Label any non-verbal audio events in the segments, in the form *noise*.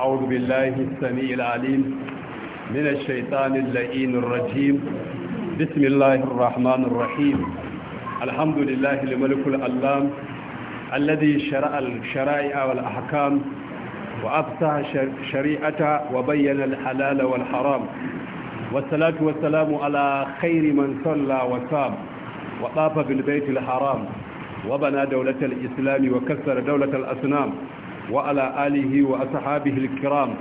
أعوذ بالله السميع العليم من الشيطان اللئين الرجيم بسم الله الرحمن الرحيم الحمد لله الملك الألام الذي شرع الشرائع والأحكام وأفتح شريعة وبين الحلال والحرام والصلاة والسلام على خير من صلى وصام وطاف بالبيت الحرام وبنى دولة الإسلام وكسر دولة الأصنام وعلى آله وأصحابه الكرام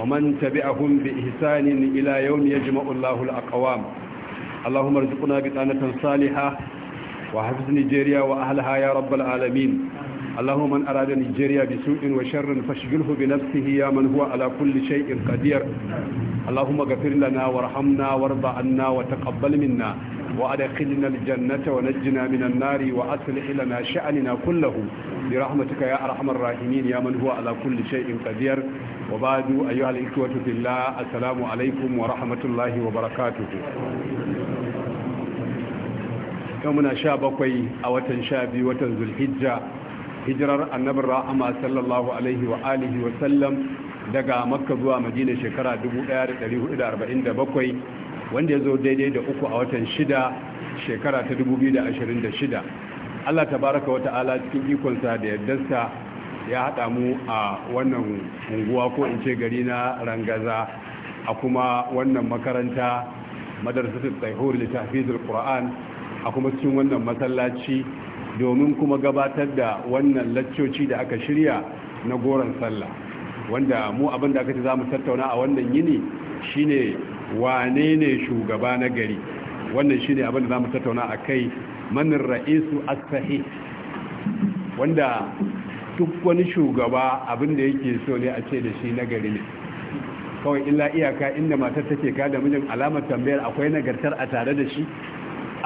ومن تبعهم بإحسان إلى يوم يجمع الله الأقوام اللهم ارزقنا بطانة صالحة وحفظ نيجيريا وأهلها يا رب العالمين اللهم من أراد نيجيريا بسوء وشر فاشغله بنفسه يا من هو على كل شيء قدير اللهم اغفر لنا وارحمنا وارض عنا وتقبل منا وأدخلنا الجنة ونجنا من النار وأصلح لنا شأننا كله برحمتك يا أرحم الراحمين يا من هو على كل شيء قدير وبعد أيها الإخوة في الله السلام عليكم ورحمة الله وبركاته يومنا شابقي أوتن شابي وتنزل حجة hijirar annabin rahama sallallahu alaihi wa alihi wa sallam daga makka zuwa madina shekara 1447 wanda ya zo daidai da uku a watan shida shekara ta 2026 allah tabaraka wata ta'ala cikin ikonsa da yardarsa ya haɗa mu a wannan unguwa ko in ce gari na rangaza a kuma wannan makaranta madarsatul tahur li tahfizul qur'an a kuma cikin wannan masallaci domin kuma gabatar da wannan laccoci da aka shirya na goron sallah wanda mu abin da aka ce za mu tattauna a wannan yini shine wane ne shugaba na gari wannan shine abin da za mu tattauna a kai manin ra'isu asahi wanda duk wani shugaba abin da yake so ne a ce da shi na gari ne kawai illa iyaka inda matar take ka da mijin alamar tambayar akwai nagartar a tare da shi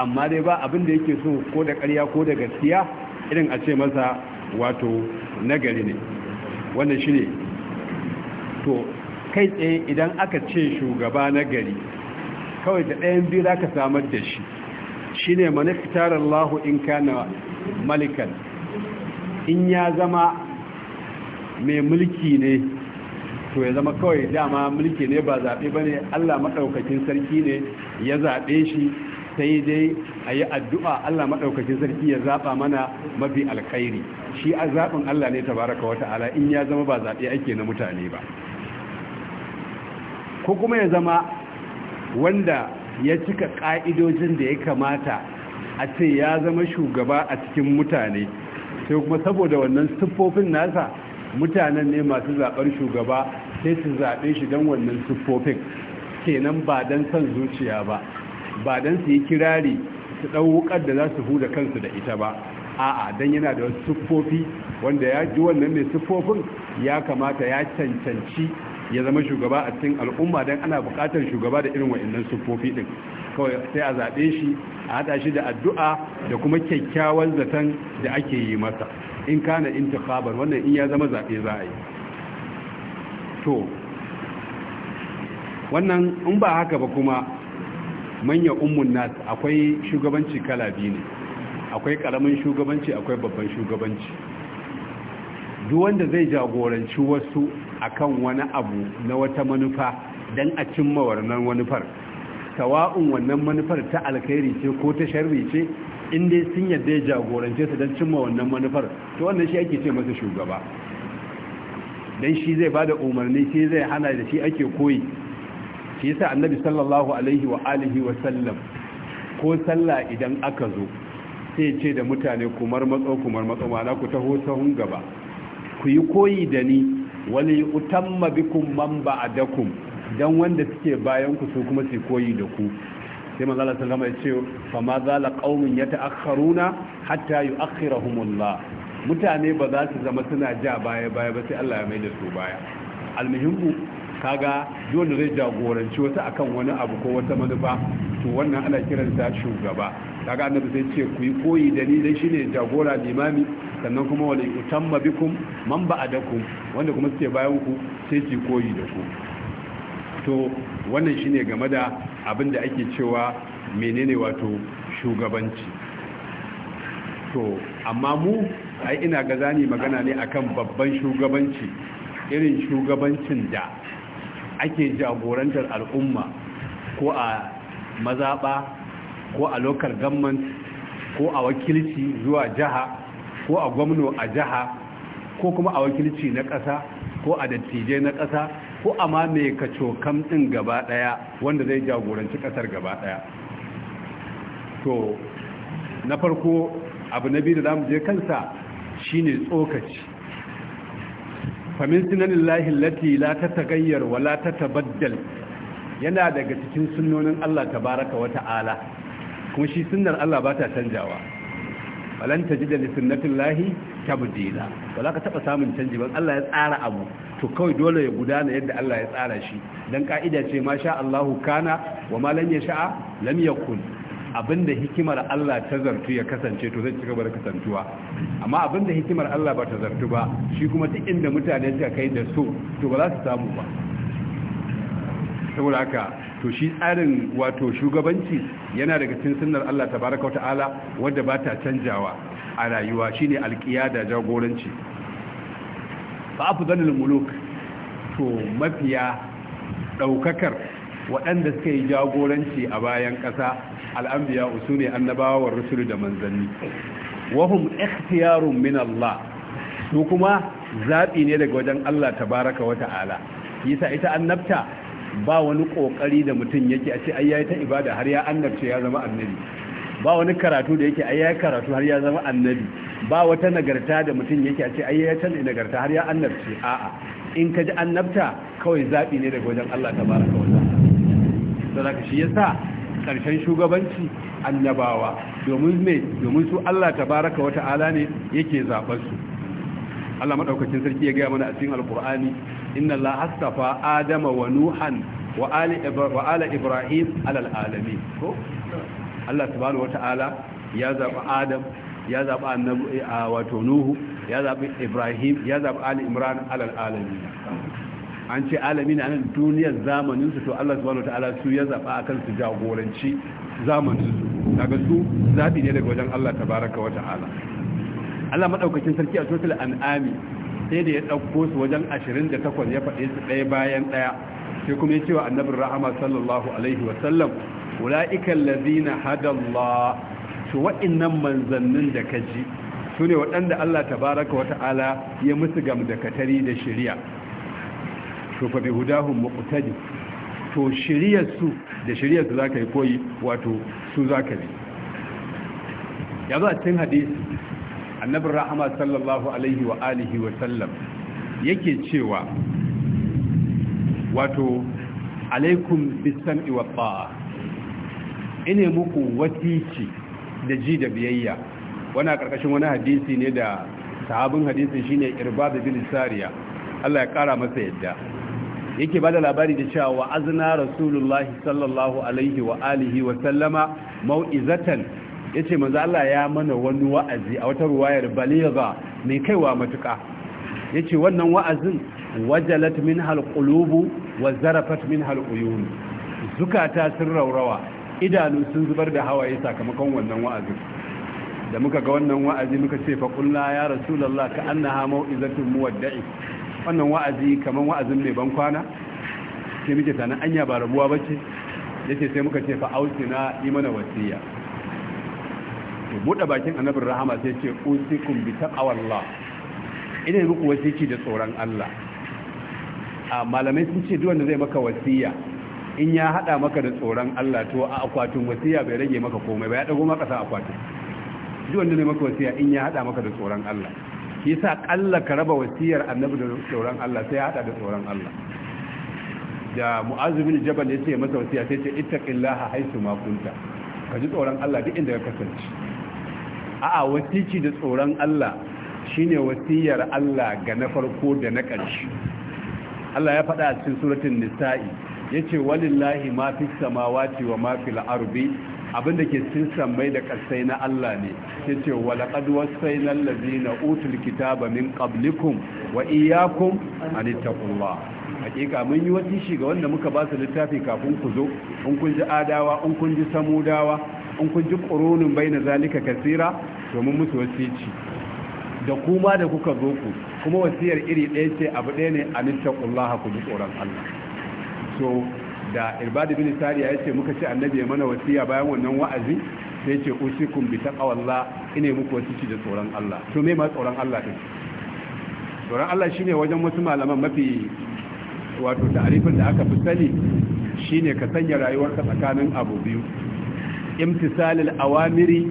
amma dai ba abin da yake so ko da ƙarya ko da gaskiya irin a ce masa wato nagari ne wannan shi ne to kai tsaye idan aka ce shugaba nagari kawai da ɗayan biyu za ka samar da shi shi ne manifitarar Allah in kana malikan in ya zama mai mulki ne to ya zama kawai dama mulki ne ba zaɓe ba ne allah maɗaukakin sarki ne ya zaɓe shi sai dai a yi addu'a Allah maɗaukacin sarki ya zaɓa mana mafi alkhairi shi a zaɓin Allah ne tabaraka wata ala, in ya zama ba zaɓe ake na mutane ba ko kuma ya zama wanda ya cika ƙa'idojin da ya kamata a ce ya zama shugaba a cikin mutane sai kuma saboda wannan siffofin nasa mutanen ne masu zaɓar shugaba sai su zaɓe shi don wannan siffofin kenan ba don son zuciya ba ba don su yi kirari su ɗaukar da za su huda kansu da ita ba a'a don yana da wasu siffofi wanda ya ji wannan mai siffofin ya kamata ya cancanci ya zama shugaba a cikin al'umma don ana buƙatar shugaba da irin wa'annan siffofi ɗin kawai sai a zaɓe shi a haɗa shi da addu'a da kuma kyakkyawan zaton da ake yi masa in kana intikhaban wannan in ya zama zaɓe za a yi to wannan in ba haka ba kuma manya ummun nas akwai shugabanci kala biyu ne akwai karamin shugabanci akwai babban shugabanci duk wanda zai jagoranci wasu akan wani abu na wata manufa dan a cimma wannan manufar sawa'un wannan manufar ta alkhairi ce ko ta sharri ce in dai sun yadda ya jagorance su don cimma wannan manufar to wannan shi ake ce masa shugaba dan shi zai ba da umarni shi zai hana da shi ake koyi shi yasa annabi sallallahu alaihi wa alihi wa sallam ko sallah idan aka zo sai ce da mutane kumar matso kumar matso mana ku taho sahun gaba ku yi koyi da ni wani utamma bikum man ba'adakum dan wanda suke bayan ku su kuma su koyi da ku sai manzo Allah sallam ya ce fa ma zala qaumun yata'akharuna hatta yu'akhirahumullah mutane ba za su zama suna ja baya baya ba sai Allah ya mai da su baya almuhimmu kaga dole zai jagoranci wata akan wani abu ko wata manufa to wannan ana kiransa shugaba kaga annabi sai ce ku yi koyi da ni dai shine jagora limami sannan kuma wala utamma bikum man ba'adakum wanda kuma suke bayan ku sai ki koyi da ku to wannan shine game da abin da ake cewa menene wato shugabanci to amma mu ai ina ga zani magana ne akan babban shugabanci irin shugabancin da ake jagorantar al'umma ko a mazaɓa ko a local government ko a wakilci zuwa jiha ko a gwamno a jiha ko kuma a wakilci na ƙasa ko a dattijai na ƙasa ko a ma mai kacokam ɗin gaba ɗaya wanda zai jagoranci ƙasar gaba ɗaya to na farko abu na biyu da za mu je kansa shine tsokaci famin sunan lillahi lati la ta tagayyar wa la ta yana daga cikin sunnonin Allah tabaraka wa ta'ala kuma shi sunnar Allah ba ta canjawa walan tajida li sunnatin lahi tabdila ba za ka taba samun canji ba Allah ya tsara abu to kawai dole ya gudana yadda Allah ya tsara shi dan ka'ida ce masha sha Allahu kana wa ma yasha lam yakun abinda hikimar Allah ta zartu ya kasance to zai cigaba da kasantuwa amma abinda hikimar Allah ba ta zartu ba shi kuma duk inda mutane suka kai da so to ba za su samu ba saboda haka to shi tsarin wato shugabanci yana daga cikin sunnar Allah tabaraka wa ta'ala wanda ba ta canjawa a rayuwa shine da jagoranci fa afdalul muluk to mafiya daukakar waɗanda suka yi jagoranci a bayan ƙasa al'ambiya su ne annabawar rusulu da manzanni wahum ikhtiyarun min Allah su kuma zaɓi ne daga wajen Allah tabaraka wa ta'ala yisa ita annabta ba wani ƙoƙari da mutum yake a ce ai ta ibada har ya annabce ya zama annabi ba wani karatu da yake ai karatu har ya zama annabi ba wata nagarta da mutum yake a ce ai yayi ta nagarta har ya annabce a'a in ka ji annabta kawai zaɓi ne daga wajen Allah tabaraka wa ta'ala to zaka shi yasa karshen shugabanci annabawa domin me domin su Allah tabaraka wa ta'ala ne yake zaɓarsu. su Allah madaukakin sarki ya ga mana a cikin alqur'ani inna Allah astafa adama wa nuhan wa ali wa ala ibrahim alal alamin ko Allah subhanahu wa ta'ala ya zaba adam ya zaba annabi wato nuhu ya zaba ibrahim ya zaba ali imran alal alamin an ce alami na nan duniyar zamanin su to Allah subhanahu wataala su ya zaba akan su jagoranci zamanin su daga su zabi ne daga wajen Allah tabaraka wataala Allah madaukakin sarki a total an'ami sai da ya dauko su wajen 28 ya faɗe su ɗaya bayan ɗaya sai kuma ya ce wa annabi rahama sallallahu alaihi wa sallam ula'ikan lazina to su wa'innan manzannin da kaji ji su ne waɗanda Allah tabaraka wa ta'ala ya musu gamdakatari da shari'a to fa bi hudahum muqtadi to shiriyar su da shiriyar su zaka yi koyi wato su zaka bi Ya ba hadisi Annabi rahama sallallahu alaihi wa alihi wa sallam yake cewa wato alaikum bisam'i wa ta'a ine muku watici da ji da biyayya wana ƙarƙashin wani hadisi ne da sahabin hadisi shine da bin sariya Allah ya ƙara masa yadda yake ba da labari da cewa wa azna rasulullahi sallallahu alaihi wa alihi wa sallama mau'izatan yace manzo Allah ya mana wani wa'azi a wata ruwayar baligha mai kaiwa matuka yace wannan wa'azin wajalat minha alqulubu wa zarafat minha aluyun zukata sun raurawa idanu sun zubar da hawaye sakamakon wannan wa'azin da muka ga wannan wa'azi muka ce fa qulna ya rasulullah ka annaha mau'izatun muwadda'i wannan wa'azi kamar wa'azin mai ban kwana sai muke tana anya ba rabuwa bace yace sai muka ce fa na imana wasiya ke buɗe bakin annabin rahama sai ce kun bi taqwallah ina yi muku wasiki da tsoron Allah a malamai sun ce duwanda wanda zai maka wasiya in ya haɗa maka da tsoron Allah to a akwatin wasiya bai rage maka komai ba ya ɗago maka sa akwatin duwanda wanda zai maka wasiya in ya haɗa maka da tsoron Allah shi sa ƙalla ka raba wasiyar annabi da tsoron Allah sai haɗa hada da tsoron Allah da mu'azu bin jabal ya ce masa wasiya sai ce ittaqillaha haisu ma kunta ka ji tsoron Allah duk inda ka kasance a'a wasiki da tsoron Allah shine wasiyar Allah ga na farko da na ƙarshe Allah ya faɗa a cikin suratul nisa'i yace walillahi ma fis samawati wa ma fil ardi abin da ke sisan sammai da ƙasai na Allah ne ya ce walaƙad sai na na utul kitaba min qablikum wa iyakum an ittaqullah hakika mun yi wasishi ga wanda muka ba su littafi kafin ku zo in kun ji adawa in kun ji samudawa in kun ji bai na zalika kasira domin musu ci da kuma da kuka zo ku kuma wasiyar iri ɗaya ce abu ɗaya ne an ittaqullaha ku ji tsoron Allah so da irbadi bin sariya ya ce muka ce annabi ya mana wasiya bayan wannan wa'azi sai ce usikum bi taqwallah ine muku wasici da tsoron Allah to me ma tsoron Allah din tsoron Allah shine wajen wasu malaman mafi wato ta'arifin da aka fi sani shine ka sanya rayuwarka tsakanin abu biyu imtisalil awamiri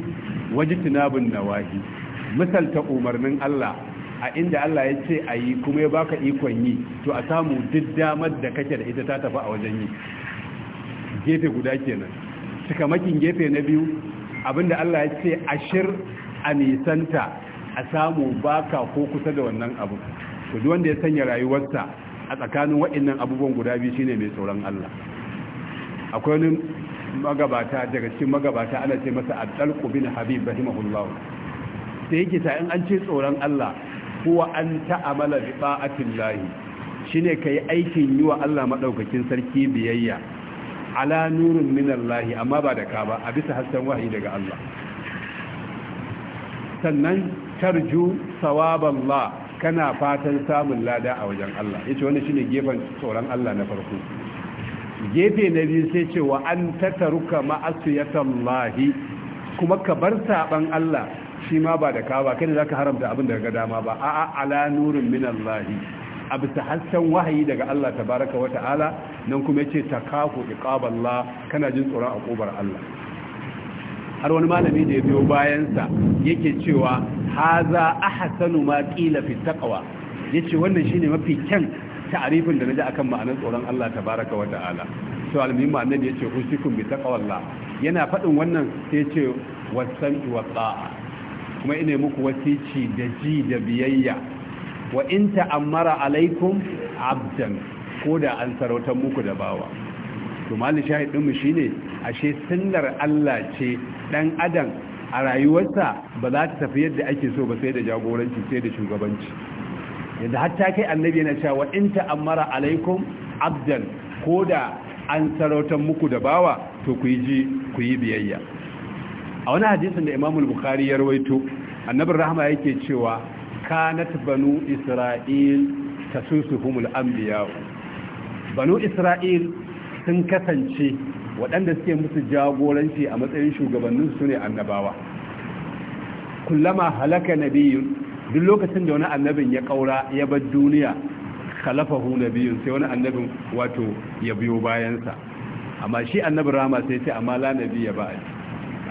wajtinabun nawahi misalta umarnin Allah a inda Allah ya ce a yi kuma ya baka ikon yi to a samu duk damar da kake da ita ta tafi a wajen yi gefe guda kenan cikamakin gefe na biyu abinda Allah ya ce ashir a nisanta a samu baka ko kusa da wannan abu to duk wanda ya sanya rayuwarsa a tsakanin waɗannan abubuwan guda biyu shine mai tsoron Allah akwai wani magabata daga cikin magabata ana ce masa al Qubin Habib rahimahullah sai yake ta in an ce tsoron Allah huwa an ta'amala bi ta'atin lahi shine kai aikin yi wa Allah madaukakin sarki biyayya ala nurun min Allah amma ba da ka ba a bisa hasken wahayi daga Allah sannan tarju la kana fatan samun lada a wajen Allah yace wannan shine gefen tsoron Allah na farko gefe na biyu sai ce wa an tataruka lahi? kuma ka bar saban Allah shi ma ba da kawo ba kai za ka haramta abin da ga dama ba a ala nurin minallahi Allah a bisa hasken wahayi daga Allah baraka wa ta'ala nan kuma ce yace takafu iqaballah kana jin tsoron ƙobar Allah har wani malami da ya biyo bayansa yake cewa haza ahsanu ma qila fi taqwa yace wannan shine mafi kyan ta'arifin da na naji akan ma'anar tsoron Allah tabaraka wa ta'ala to almin annabi yace usikum bi taqwallah yana faɗin wannan sai yace wasan wa kuma ina muku wasici da ji da biyayya wa in ta'ammara alaikum abdan ko da an sarautar muku da bawa to mali mu shine ashe sunnar Allah ce dan adam a rayuwarsa ba za ta tafi yadda ake so ba sai da jagoranci sai da shugabanci yadda hatta kai annabi yana cewa in amara alaikum abdan ko da an sarautar muku da bawa to ku yi ji ku yi biyayya a wani hadisun da imamul bukhari ya rawaito annabin rahama yake cewa kanat banu isra'il an anbiya banu isra'il sun kasance waɗanda suke musu jagoranci a matsayin shugabannin su ne annabawa kullama halaka nabiyun duk lokacin da wani annabin ya kaura ya bar duniya khalafahu nabiyun sai wani annabin wato ya biyo bayansa amma shi annabin rama sai ce amma la nabiyya ba'd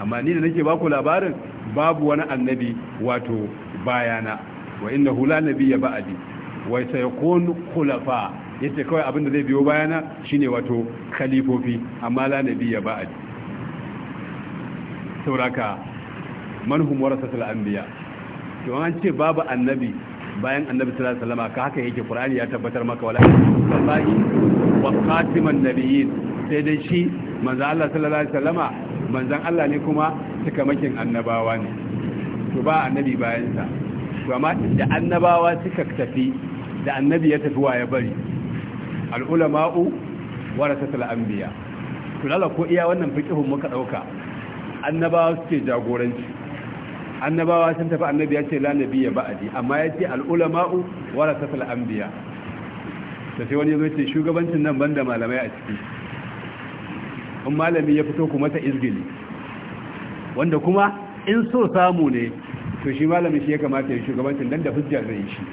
amma ni da nake baku labarin babu wani annabi wato bayana wa inna hula nabi ya ba'adi wa sayakun khulafa yace kawai abin da zai biyo bayana shine wato khalifofi amma la nabi ya ba'adi sauraka manhum warasatul anbiya to an ce babu annabi bayan annabi sallallahu alaihi wasallam ka haka yake qur'ani ya tabbatar maka wala sabai wa khatiman nabiyyin sai dai shi manzo Allah sallallahu alaihi wasallama manzan Allah ne kuma cikamakin annabawa ne to ba annabi bayansa to amma da annabawa suka tafi da annabi ya tafi wa ya bari al'ulama'u warasatul anbiya to lalla ko iya wannan fikihun muka dauka annabawa suke jagoranci annabawa sun tafi annabi ya ce la nabiyya ba'adi amma ya ce al'ulama'u warasatul anbiya to sai wani yazo ce shugabancin nan banda malamai a ciki in malami ya fito ku masa izgili wanda kuma in so samu ne to shi malami shi ya kamata ya shugabancin dan da hujja zai shi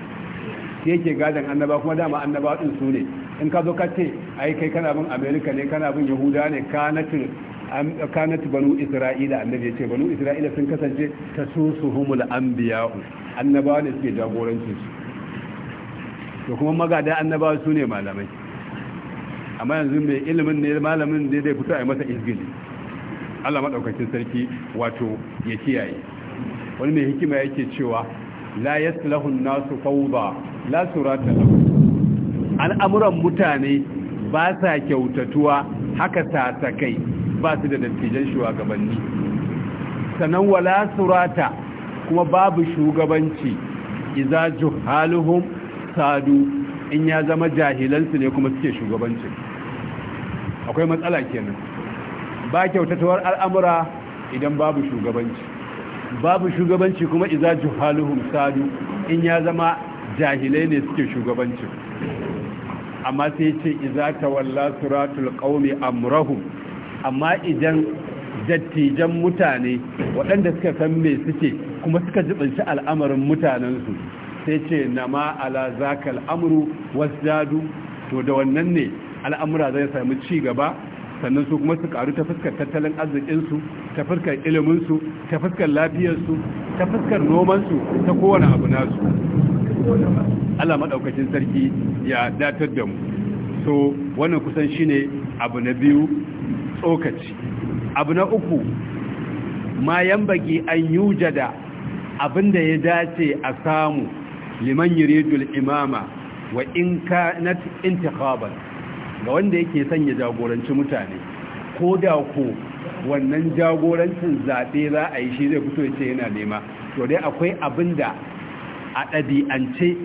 sai yake gadan annaba kuma dama annaba din su ne in ka zo ka ce ai kai kana bin america ne kana bin yahuda ne kanatin kanat banu isra'ila annabi ya ce banu isra'ila sun kasance tasusuhumul anbiya'u annabawa ne suke jagorancin su to kuma magada annabawa su ne malamai amma yanzu mai ilimin ne malamin da zai fito a masa izgili Allah maɗaukacin sarki wato ya kiyaye wani mai hikima yake cewa la yaslahu an-nasu fawda la surata lahu al'amuran mutane ba sa kyautatuwa haka ta, kai ba su da dattijan shugabanni sanan wala surata kuma babu shugabanci iza juhaluhum sadu in ya zama jahilansu ne kuma suke shugabancin akwai matsala kenan ba kyautatawar al'amura idan babu shugabanci babu shugabanci kuma iza juhaluhum sadu in ya zama jahilai ne suke shugabancin amma sai ce iza tawalla suratul qaumi amrahum amma idan dattijan mutane waɗanda suka san me suke kuma suka jibinci al'amarin mutanensu sai ce nama ala zakal amru wasdadu to da wannan ne al'amura zai sami ci gaba sannan su kuma su karu ta fuskar tattalin arzikinsu ta fuskar iliminsu ta fuskar lafiyarsu ta fuskar nomansu ta kowane abu nasu Allah maɗaukacin sarki ya datar da mu so wannan kusan shine abu na biyu tsokaci abu na uku ma yambaki an yujada abinda ya dace a samu liman yuridul imama wa in kanat ga wanda yake son ya jagoranci mutane ko da ko wannan jagorancin zaɓe za a yi shi zai fito ya ce yana nema to dai akwai abin da a ɗabi'ance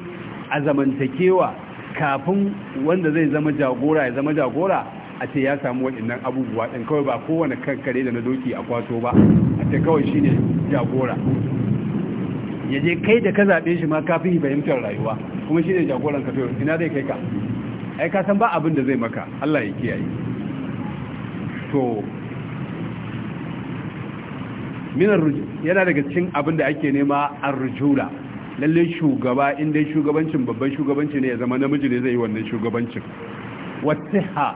a zamantakewa kafin wanda zai zama jagora ya zama jagora a ce ya samu waɗannan abubuwa ɗin kawai ba kowane kankare da na doki a kwato ba a ce kawai shi ne jagora ya je kai da ka zaɓe shi ma kafin fahimtar rayuwa kuma shi ne jagoran ka ina zai kai ka ai ka san ba abin da zai maka Allah ya kiyaye to minar yana daga cikin abin da ake nema arjula lalle shugaba in dai shugabancin babban shugabanci ne ya zama namiji ne zai yi wannan shugabancin wasiha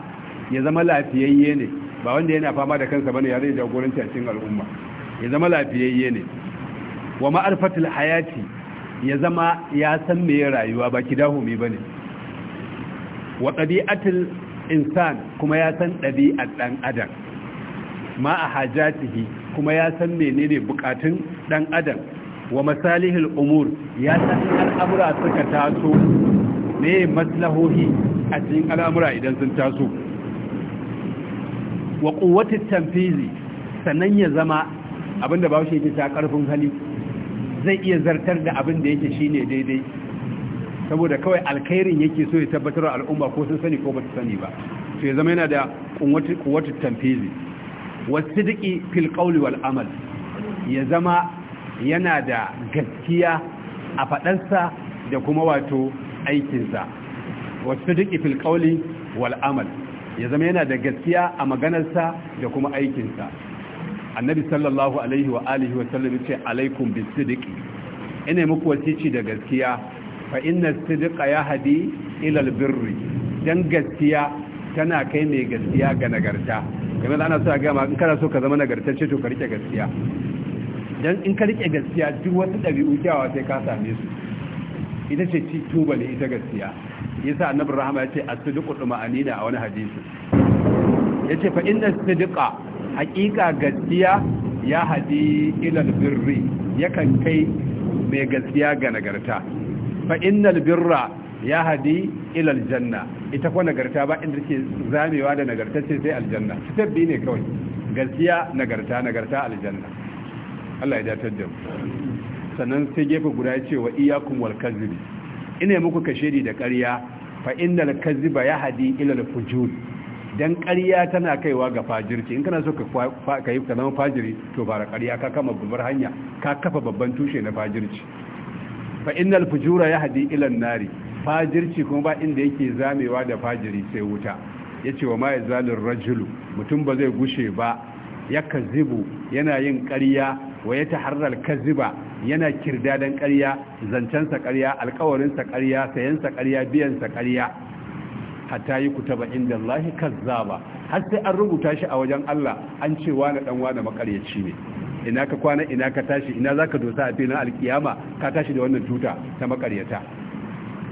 ya zama lafiyayye ne ba wanda yana fama da kansa bane ya zai jagoranci a cikin al'umma ya zama lafiyayye ne wa ma'arfatul hayati ya zama ya san me rayuwa ba kidahu me bane wa ɗabi'atul insan kuma ya san ɗabi'ar ɗan adam ma a hajatihi kuma ya san menene bukatun ɗan adam wa masalihul umur ya san al'amura suka taso ne maslahohi a cikin al'amura idan sun taso wa kuwatin tamfizi sannan ya zama abinda ba shi yake ta karfin hali zai iya zartar da abinda yake shine daidai saboda kawai alkhairin yake so ya tabbatar al'umma ko sun sani ko ba su sani ba to ya zama yana da kuwatu tamfizi wasu diki fil qawli wal amal ya zama yana da gaskiya a faɗarsa da kuma wato aikinsa wasu diki fil qawli wal amal ya zama yana da gaskiya a maganarsa da kuma aikinsa annabi sallallahu alaihi wa alihi wa sallam ya ce alaikum bis sidqi ina muku wasici da gaskiya fa inna sidqa yahdi ila albirri dan gaskiya tana kai mai gaskiya ga nagarta kamar ana so a ga in kana so ka zama nagartacce to ka rike gaskiya dan in ka rike gaskiya duk wasu dabi'u kyawawa sai ka same su ita ce ci tuba ne ita gaskiya yasa annabi rahama ya ce as-sidqu tuma'anina a wani hadisi yace fa inna sidqa haqiqa gaskiya ya hadi ila albirri yakan kai mai gaskiya ga nagarta fa innal birra ya hadi ila aljanna ita kuwa nagarta ba inda ke zamewa da nagarta ce sai aljanna step biyu ne kawai gaskiya nagarta nagarta aljanna Allah ya datar da mu sannan sai gefe guda ya ce wa iyakum wal kazibi ina muku kashedi da ƙarya fa innal kaziba ya hadi ila al fujur dan ƙarya tana kaiwa ga fajirci in kana so ka yi ka zama fajiri to fara ƙarya ka kama babbar hanya ka kafa babban tushe na fajirci fa innal fujura yahdi ila nari fajirci kuma ba inda yake zamewa da fajiri sai wuta yace wa ma rajulu mutum ba zai gushe ba yakazibu yana yin ƙarya wa ya taharral kaziba yana kirdadan ƙarya zancensa ƙarya sa ƙarya sayansa ƙarya biyansa ƙarya hatta yi kutaba inda Allah kazzaba har sai an rubuta shi a wajen Allah an ce wani dan wani makaryaci ne ina ka kwana ina ka tashi ina za ka dosa a filin alkiyama ka tashi da wannan tuta ta makaryata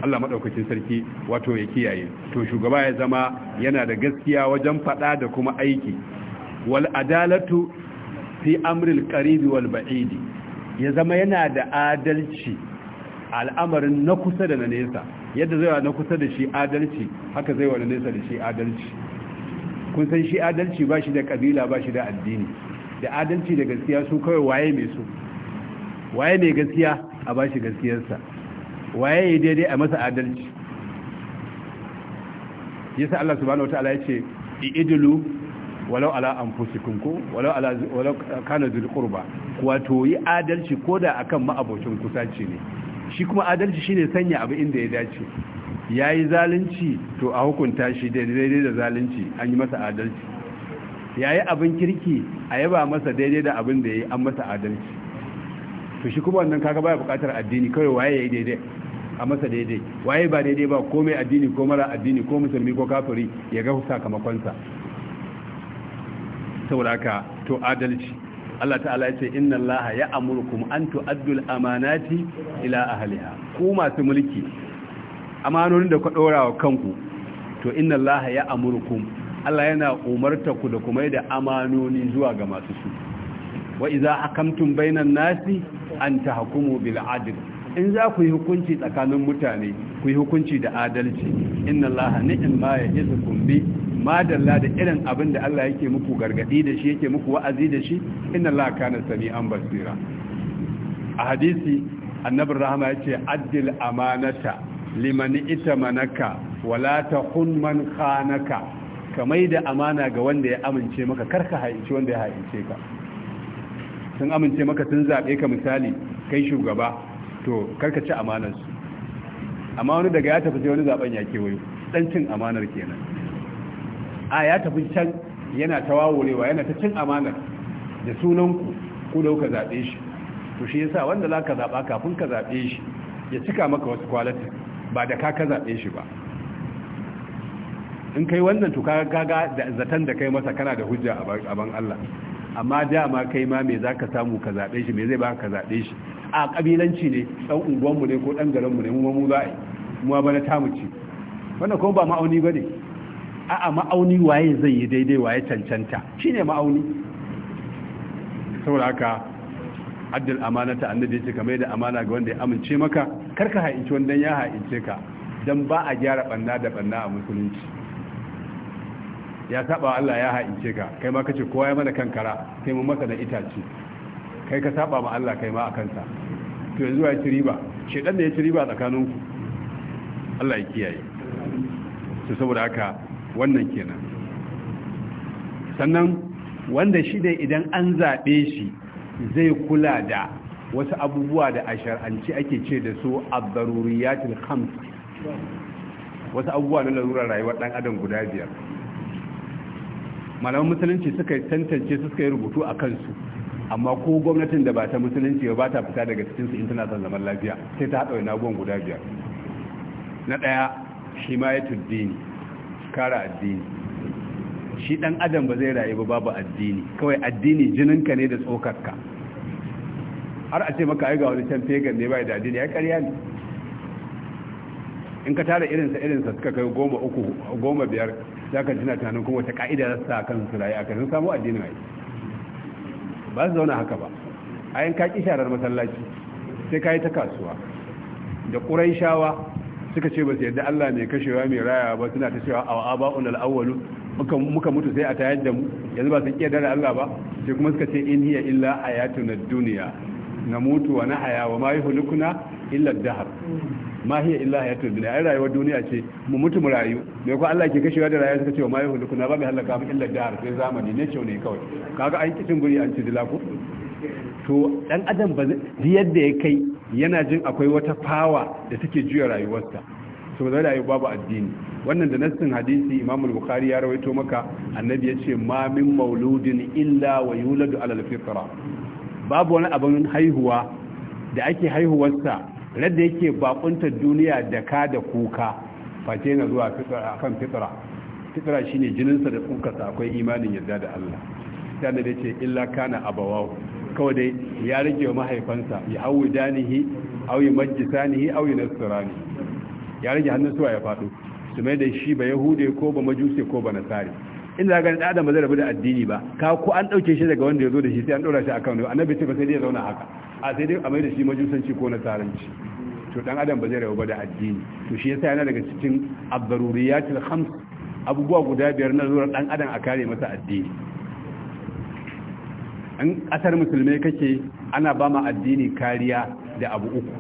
Allah maɗaukacin sarki wato ya kiyaye to shugaba ya zama yana da gaskiya wajen faɗa da kuma aiki wal adalatu fi amril qaribi wal ba'idi ya zama yana da adalci al'amarin na kusa da na nesa yadda zai na kusa da shi adalci haka zai wa na nesa da shi adalci kun san shi adalci ba shi da kabila ba shi da addini da adalci da gaskiya su kawai waye mai su waye mai gaskiya a ba shi gaskiyarsa waye ya daidai a masa adalci yasa Allah subhanahu wataala ya ce idlu walau ala an ko walau ala walau kana zuri qurba wato yi adalci koda akan ma'abocin kusaci ne shi kuma adalci shine sanya abu inda ya dace yayi zalunci to a hukunta shi daidai da zalunci an yi masa adalci yayi abin kirki a yaba masa daidai da abin da ya yi an masa adalci to shi kuma wannan kaga baya bukatar addini kawai waye ya yi daidai a masa daidai waye ba daidai ba ko mai addini ko mara addini ko musulmi ko kafiri ya ga sakamakonsa saboda ka to adalci Allah ta'ala ya ce inna Allah ya amurkum an tu'addul amanati ila ahliha ku masu mulki amanonin da ku dora wa kanku to inna Allah ya amurkum Allah yana umarta ku da kuma da amanoni zuwa ga masu su wa idza hakamtum bainan nasi an tahkumu bil adl in za ku yi hukunci tsakanin mutane ku yi hukunci da adalci inna allaha ni'ma ya'izukum bi madalla da irin abin da Allah yake muku gargadi da shi yake muku wa'azi da shi inna allaha kana sami'an basira a hadisi annabi rahama ya ce addil amanata liman ita wala ta man khanaka ka mai da amana ga wanda ya amince maka karka haici wanda ya haice ka sun amince maka sun zaɓe ka misali kai shugaba to karka ci amanarsu amma wani daga ya tafi sai wani zaɓen ya kewayo ɗan cin amanar kenan a ya tafi can yana ta yana ta cin amanar da sunanku ku ku dauka zaɓe shi to shi yasa wanda za ka zaɓa kafin ka zaɓe shi ya cika maka wasu kwalatin ba da ka ka zaɓe shi ba in kai wannan to ka gaga da zaton da kai masa kana da hujja a ban Allah amma dama kai ma me zaka samu ka zabe shi me zai ba ka zabe shi a kabilanci ne dan unguwan mu ne ko dan garin mu ne mu mu za'i mu ba na mu ci wannan kuma ba ma'auni bane a a ma'auni waye zai yi daidai waye cancanta shine ma'auni saboda haka addal amana ta annabi yace kamar da amana ga wanda ya amince maka karka ha'ince wanda ya ha'ince ka dan ba a gyara banna da banna a musulunci ya saba Allah ya ha'ince ka kai ma kace kowa ya mana kankara sai mun masa da itace kai ka saba ma Allah kai ma akan sa to yanzu ya ci riba shedan ne ya ci riba tsakanin ku Allah ya kiyaye to saboda haka wannan kenan sannan wanda shi dai idan an zaɓe shi zai kula da wasu abubuwa da a shar'anci ake ce da su abdaruriyatul khams wasu abubuwa na larurar rayuwar ɗan adam guda biyar malaman musulunci suka tantance suka yi rubutu a kansu amma ko gwamnatin da ba ta musulunci ba ta fita daga cikin su tana son zaman lafiya sai ta haɗa wani abubuwan guda biyar na ɗaya shi ma ya tuddini kara addini shi ɗan adam ba zai rayu ba babu addini kawai addini jininka ne da tsokarka har a ce maka aiga wani can fegan ne bai da addini ya karya ne in ka tara irinsa irinsa suka kai goma uku goma biyar za ka tuna tunanin kuma wata ka'ida za su sa kan su rayu a kan samu addinin ai ba su zauna haka ba a yin ka ƙi sharar masallaci sai ka yi ta kasuwa da ƙurai shawa suka ce ba su yadda Allah mai kashewa mai raya ba suna ta cewa a aba'un al'awwalu muka mutu sai a tayar da mu yanzu ba su kiyar da Allah ba sai kuma suka ce in hiya illa hayatun duniya na mutu na haya wa ma yuhlikuna illa dahar ma hiya illa hayatul dunya ai rayuwar duniya ce mu mutu mu rayu me ko Allah ke kashewa da rayuwa suka ce ma yahu lakuna ba bi halaka mu illa dar sai zamani ne ce ne kawai kaga an kicin guri an ci dilaku to dan adam ba zai yadda ya kai yana jin akwai wata fawa da take juya rayuwarsa to da rayu babu addini wannan da nassin hadisi Imam al-Bukhari ya rawaito maka annabi ya ce ma min mauludin illa wa yuladu ala al-fitra babu wani abin haihuwa da ake haihuwarsa radda yake bakuntar duniya da ka da kuka face na zuwa kan fitra fitra shine jininsa da kukasa, akwai imanin yadda da Allah tana da ce illa kana abawahu kawai dai ya rage wa mahaifansa ya hawu danihi au yi auyi au sutura ni. ya rage hannun suwa ya faɗo su mai da shi ba yahude ko ba majuse ko ba nasari inda ga da adam ba zai rabu da addini ba ka ko an dauke shi daga wanda ya zo da shi sai an daura shi akan wani annabi ce ba sai dai ya zauna haka a sai dai a mai da shi majusanci ko na taranci to dan adam ba zai rayu ba da addini to shi yasa yana daga cikin ad khams abubuwa guda biyar na zuwa dan adam a kare masa addini an kasar musulmai kake ana ba ma addini kariya da abu uku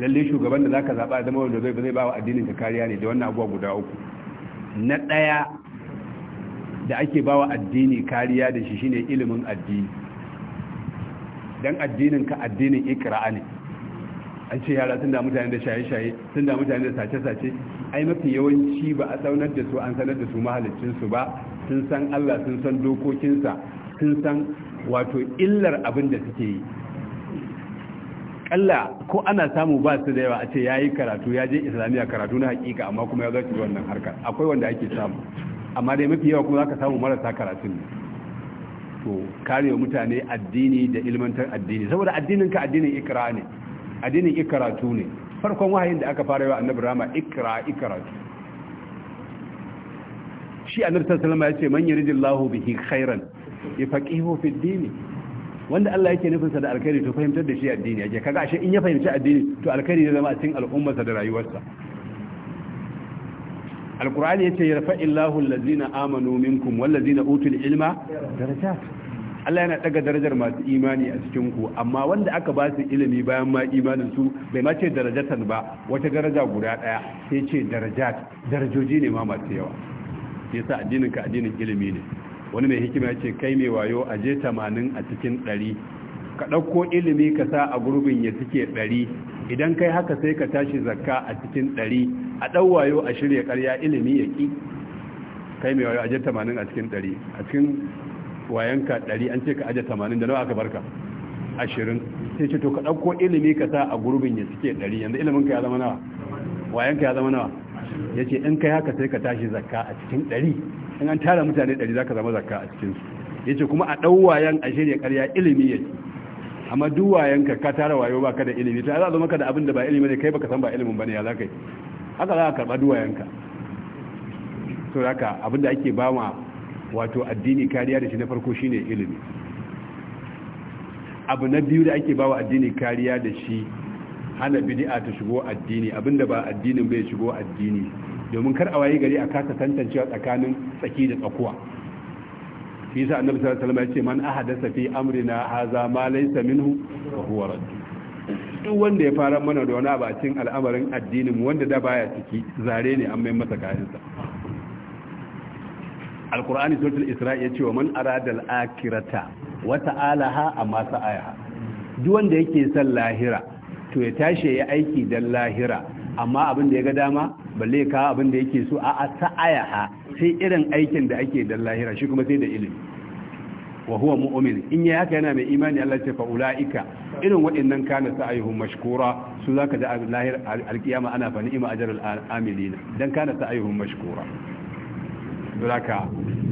lalle shugaban da zaka zaba zama wanda zai zai ba wa addinin ka kariya ne da wannan abubuwa guda uku na daya da ake ba wa addini kariya da shi shine ilimin addini dan addinin ka addinin ikra ne an ce yara tun da mutane da shaye-shaye tun da mutane da sace-sace ai mafi yawanci ba a saunar da su an sanar da su mahalicinsu ba sun san Allah sun san dokokinsa sun san wato illar abin da suke yi kalla ko ana samu ba su da yawa a ce ya karatu ya je islamiyya karatu na hakika amma kuma ya zaci wannan harkar akwai wanda ake samu amma dai mafi yawa kuma za ka samu marasa karatun ne wato karewa mutane addini da ilmantar addini saboda addininka addinin ikra ne addinin ikaratu ne farkon wahayin da aka fara yawa annabi rama ikra ikaratu shi annabi sallallahu alaihi wasallam man yuridillahu bihi khairan yafaqihu fi dini wanda Allah yake nufin sa da alkhairi to fahimtar da shi addini yake kaga ashe in ya fahimci addini to alkhairi ne zama a cikin al'ummarsa da rayuwarsa alkur'ani yace illahu allazina amanu minkum wallazina utul ilma darajat Allah yana daga darajar masu imani a cikin ku amma wanda aka ba su ilimi bayan ma imanin su bai ma ce darajatan ba wata daraja guda daya sai ce darajat darajoji ne ma masu yawa yasa addinin ka addinin ilimi ne wani mai hikima ce, kai mai wayo a je 80 a cikin 100 ka dauko ilimi ka sa a gurbin ya tike ɗari. idan kai haka sai ka tashi zakka a cikin ɗari a ɗauwayo a shirya ƙarya ilimi ya ƙi kai mai wayo ajiyar tamanin a cikin ɗari a cikin wayanka ɗari an ce ka ajiyar tamanin da nawa aka barka ashirin sai ce to ka ɗauko ilimi ka sa a gurbin ya suke ɗari yanzu ilimin ka ya zama nawa wayanka ya zama nawa ya ce in kai haka sai ka tashi zakka a cikin ɗari in an tara mutane ɗari za ka zama zakka a cikinsu ya ce kuma a ɗauwayan a shirya ƙarya ilimi ya ƙi amma duwayenka ka tara wayo baka da ilimi ta za zama ka da abin da ba ilimi ne kai baka san ba ilimin bane ya za kai haka za ka karba duwayenka to haka abin da ake bama wato addini kariya da shi na farko shine ilimi abu na biyu da ake bawa addini kariya da shi hana bid'a ta shigo addini abinda ba addinin bai shigo addini domin kar a wayi gari a kasa tantancewa tsakanin tsaki da tsakuwa shi yasa annabi sallallahu alaihi wasallam ya ce man ahadasa fi amrina haza ma laysa minhu wa huwa radd duk wanda ya fara mana da wani abacin al'amarin addinin wanda da baya ciki zare ne an mai masa kayansa alkur'ani suratul isra'i ya ce wa man arada al-akhirata wa ta'alaha amma sa'aha duk wanda yake son lahira to ya tashi ya aiki dan lahira amma abin da ya ga dama balle ka abin da yake so a sa'ayaha sai irin aikin da ake dan lahira shi kuma sai da ilimi wa huwa mu'min in ya haka yana mai imani Allah ce fa ulaika irin waɗannan kana sa'ayuhum mashkura su zaka da lahir alkiyama ana fa ni'ma ajrul amilina dan kana sa'ayuhum mashkura duraka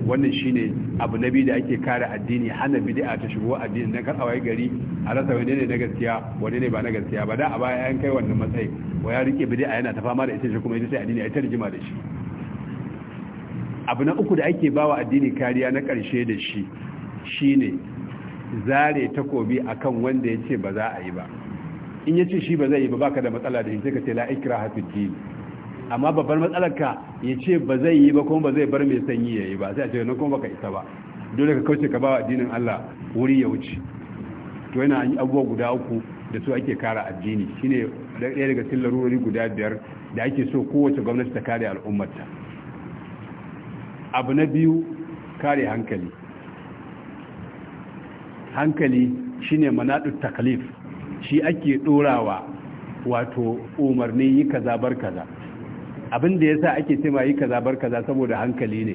wannan shine abu na biyu da ake kare addini hana bid'a ta shigo addini na kar awai gari a rasa wani ne na gaskiya wani ne ba na gaskiya ba da a baya an kai wannan matsayi wa ya rike bid'a yana ta fama da ita shi kuma ita sai addini ita rigima da shi abu na uku da ake bawa addini kariya na karshe da shi shine zare takobi akan wanda ya ce ba za a yi ba in ya ce shi ba zai yi ba baka da matsala da shi sai ka ce la ikraha fid din amma babbar matsalarka ya ce ba zai yi ba kuma ba zai bar mai sanyi ya yi ba sai a ce na kuma baka isa ba dole ka kauce ka ba wa addinin Allah wuri ya wuce to yana an yi abubuwa guda uku da su ake kara addini shine ɗaya daga cikin larurori guda biyar da ake so kowace gwamnati ta kare al'ummarta abu na biyu kare hankali hankali shine manadu taklif shi ake ɗorawa wato umarni yi kaza bar kaza abin da yasa ake ce ma yi kaza bar kaza saboda hankali ne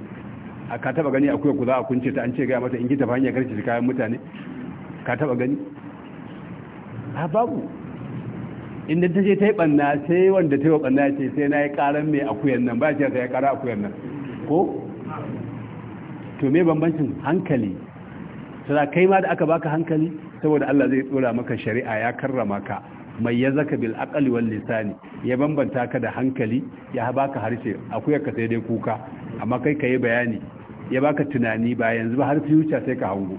a ka taba gani akwai ku za a kunce ta an ce gaya mata in gita hanyar garci kayan mutane ka taba gani a babu inda ta ce ta yi banna sai wanda ta yi wa banna ce sai na yi karan mai akuyan nan ba ce ta yi kara akuyan nan ko to me bambancin hankali sai kai ma da aka baka hankali saboda Allah zai tsora maka shari'a ya karrama ka mai ya zaka bil akali wal lisani ya bambanta ka da hankali ya baka harshe akuyar ka sai dai kuka amma kai kai bayani ya baka tunani ba yanzu ba har future sai ka hango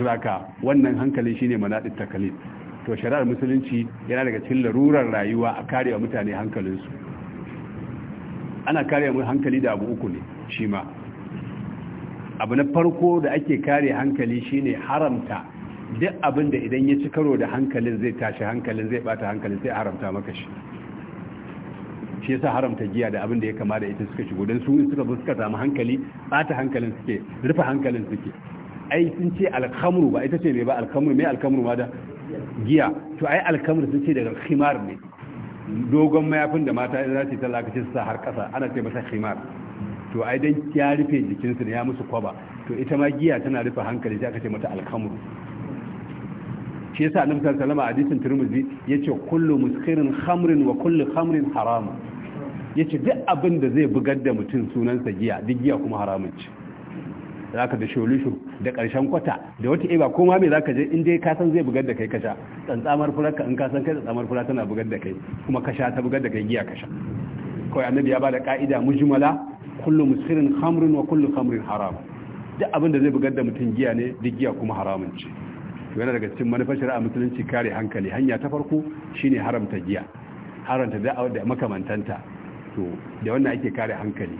saka wannan hankalin shine manadin takalid to shari'ar musulunci yana daga cikin larurar rayuwa a karewa mutane hankalin su ana karewa hankali da abu uku ne shi ma abu na farko da ake kare hankali shine haramta duk abin da idan ya ci karo da hankalin zai tashi hankalin zai bata hankalin sai haramta maka shi shi yasa haramta giya da abin da ya kama da ita suka shigo don su suka zo suka samu hankali bata hankalin suke rufe hankalin suke ai sun ce alkhamru ba ita ce mai ba alkhamru mai alkhamru ma da giya to ai alkhamru sun ce daga khimar ne dogon mayafin da mata za su yi talaka su sa har kasa ana ce masa khimar to ai dan ya rufe jikinsu da ya musu kwaba to ita ma giya tana rufe hankali sai aka ce mata alkhamru shi yasa annabi sallallahu alaihi wasallam a hadisin Tirmidhi yace kullu muskirin khamrin wa kullu khamrin haram yace duk abin da zai bugar da mutum sa giya duk giya kuma haramun ce zaka da sholishu da karshen kwata da wata iba ko ma me zaka je in dai ka san zai bugar da kai kasha tsantsamar furarka in ka san kai tsantsamar fura tana bugar da kai kuma kasha ta bugar da kai giya kasha kawai annabi ya bada ka'ida mujmala kullu muskirin khamrin wa kullu khamrin haram duk abin da zai bugar da mutum giya ne duk giya kuma haramun ce to yana daga cikin manufar shari'a musulunci kare hankali hanya ta farko shine haramta giya haramta da da makamantanta to da wannan ake kare hankali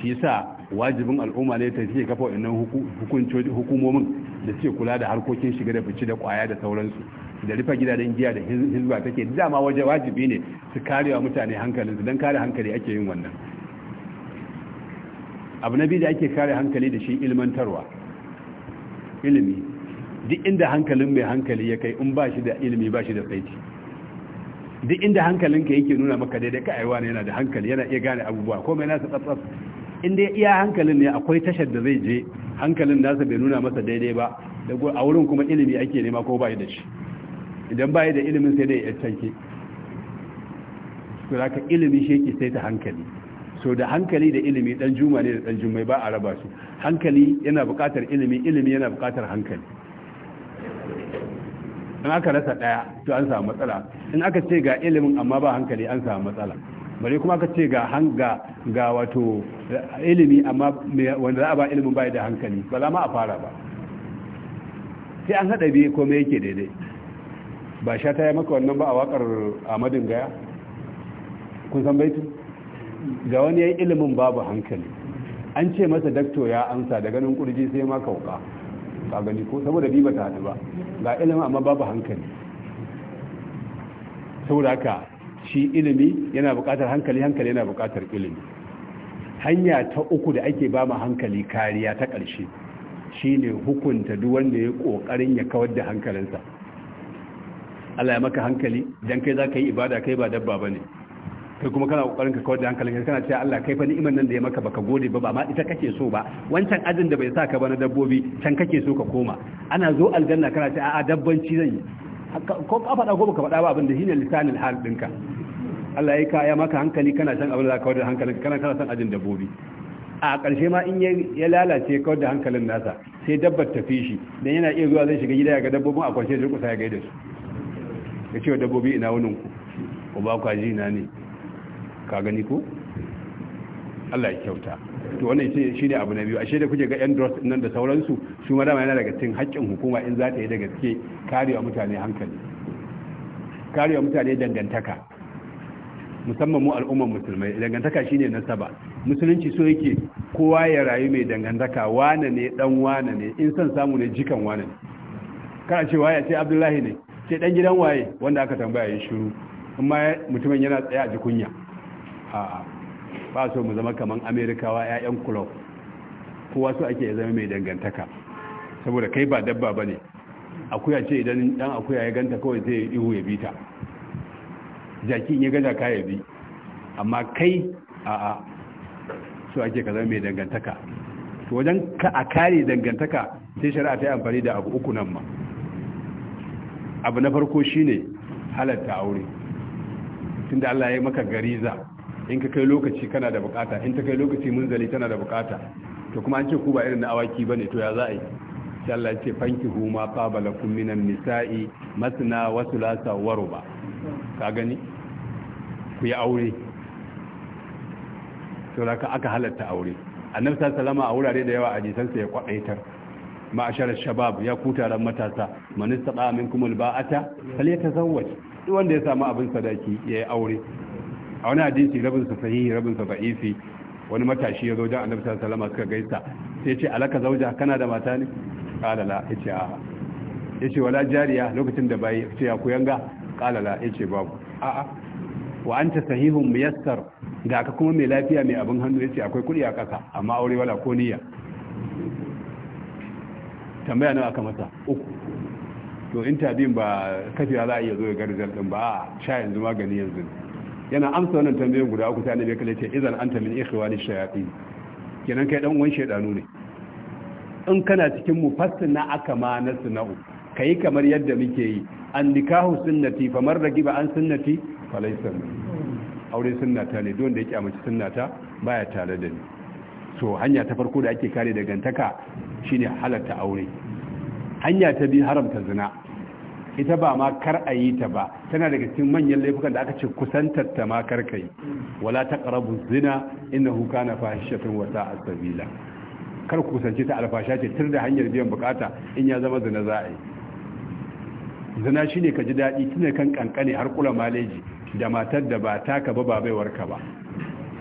shi yasa wajibin al'umma ne ta ce kafa wannan hukumomin da suke kula da harkokin shiga da fice da kwaya da sauransu da rufe gidajen giya da hizba take dama waje wajibi ne su kare wa mutane hankali don kare hankali ake yin wannan abu na biyu da ake kare hankali da shi ilmantarwa ilimi duk inda hankalin mai hankali ya kai in ba shi da ilimi ba shi da tsaiti duk inda hankalinka yake nuna maka daidai ka aiwa yana da hankali yana iya gane abubuwa komai nasa tsatsas inda iya hankalin ne akwai tashar da zai je hankalin nasa bai nuna masa daidai ba a wurin kuma ilimi ake nema ko bai da shi idan bai da ilimin sai dai ya canke za ka ilimi shi yake sai ta hankali so da hankali da ilimi dan juma ne da dan jummai ba a raba su hankali yana buƙatar ilimi ilimi yana buƙatar hankali in aka rasa daya to an samu matsala in aka ce ga ilimin amma ba hankali an samu matsala bare kuma aka ce ga hanga ga wato ilimi amma wanda za a ba ilimin bai da hankali ba za ma a fara ba sai an haɗa biyu kome yake daidai ba sha ta yi maka wannan ba a wakar amadin gaya kun san baitu ga wani ya yi ilimin babu hankali an ce masa dakto ya amsa da ganin kurji sai ma kauka ka gani ko saboda bi bata hadu ba ga ilimi amma babu hankali saboda haka shi ilimi yana buƙatar hankali hankali yana buƙatar ilimi hanya ta uku da ake ba hankali kariya ta ƙarshe shine hukunta duk wanda ya ƙoƙarin ya kawar da hankalinsa Allah ya maka hankali dan kai za ka yi ibada kai ba dabba ba ne kai kuma kana kokarin ka kawar da hankalin ka kana cewa Allah kai fa ni'imar nan da ya maka baka gode ba ba ma ita kake so ba wancan ajin da bai sa ka ba na dabbobi can kake so ka koma ana zo aljanna kana cewa a'a dabbanci zan yi ko ka faɗa ko baka faɗa ba abin da shine lisanin hal ɗinka Allah ya kaya maka hankali kana san abin da za ka kawar da hankalin kana kana san ajin dabbobi a ƙarshe ma in ya lalace kawar da hankalin nasa sai dabbar tafi shi dan yana iya zuwa zai shiga gida ya ga dabbobin a kwance ya kusa ya gaida su ya ce wa dabbobi ina wunin ku ku ba ku na ne ka gani ko Allah ya kyauta to wannan shi ne abu na biyu ashe da kuke ga yan dross nan da sauransu su ma dama yana daga cikin haƙƙin hukuma in za ta yi da gaske karewa mutane hankali karewa mutane dangantaka musamman mu al'ummar musulmai dangantaka shine nasaba musulunci so yake kowa ya rayu mai dangantaka wane ne dan wane ne in san samu ne jikan wane ne kana ce waye ce abdullahi ne ce dan gidan waye wanda aka tambaya ya shiru amma mutumin yana tsaya a jikunya a'a ba so mu zama kamar amerikawa 'ya'yan kulob kowa so ake zama mai dangantaka saboda kai ba dabba ba ne akuya ce idan dan akuya ya ganta kawai zai ihu ya bi jaki in ya gaja ka ya bi amma kai a'a so ake ka zama mai dangantaka to wajen ka a kare dangantaka sai shari'a ta yi amfani da abu uku nan ma abu na farko shine halatta aure tunda Allah ya maka gariza in ka kai lokaci kana da bukata in ta kai lokaci munzali tana da bukata to kuma an ce ku ba irin na awaki bane to ya za a yi sai Allah ya ce fanki huma qabalakum minan nisa'i masna wa thulatha wa ruba ka gani ku yi aure to da aka halatta aure annabi sallallahu alaihi a wurare da yawa a sa ya kwadaitar ma'ashar shabab ya kutaran matasa man istata minkum alba'ata falyatazawwaj duk wanda ya samu abin sadaki ya yi aure a wani hadisi rabin sa sahihi rabin sa da'ifi wani matashi ya zo da annabi sallallahu alaihi wasallam suka gaisa sai ya ce alaka zauja kana da mata ne qala la yace a yace wala jariya lokacin da bai ce ya ku yanga qala la yace babu a a wa anta sahihun muyassar ga ka kuma mai lafiya mai abin hannu yace akwai kudi a kasa amma aure wala ko niyya tambaya nawa aka masa uku to in tabin ba kafiya za a iya zo ya garzal din ba a sha yanzu magani yanzu ne yana amsa wannan tambayoyin guda uku sai annabi bai kalle ce idan anta min ikhwani shayatin kenan kai dan uwan shedanu ne in kana cikin mufassina aka ma na sunau kai kamar yadda muke yi an nikahu sunnati famar ragiba an sunnati falaysa aure sunnata ne don da yake amince sunnata baya tare da ni so hanya ta farko da ake kare gantaka shine halatta aure hanya ta biyu haramta zina ita ba ma kar a yi ta ba tana daga cikin manyan laifukan da aka ce kusantar ta ma kar kai wala ta karabu zina na kana fahishatan wa sa'a sabila kar ku kusance ta alfasha ce tur da hanyar biyan bukata in ya zama zina za a yi zina shine ka ji daɗi tuna kan kankane har kula maleji da matar da ba taka ba ba ka ba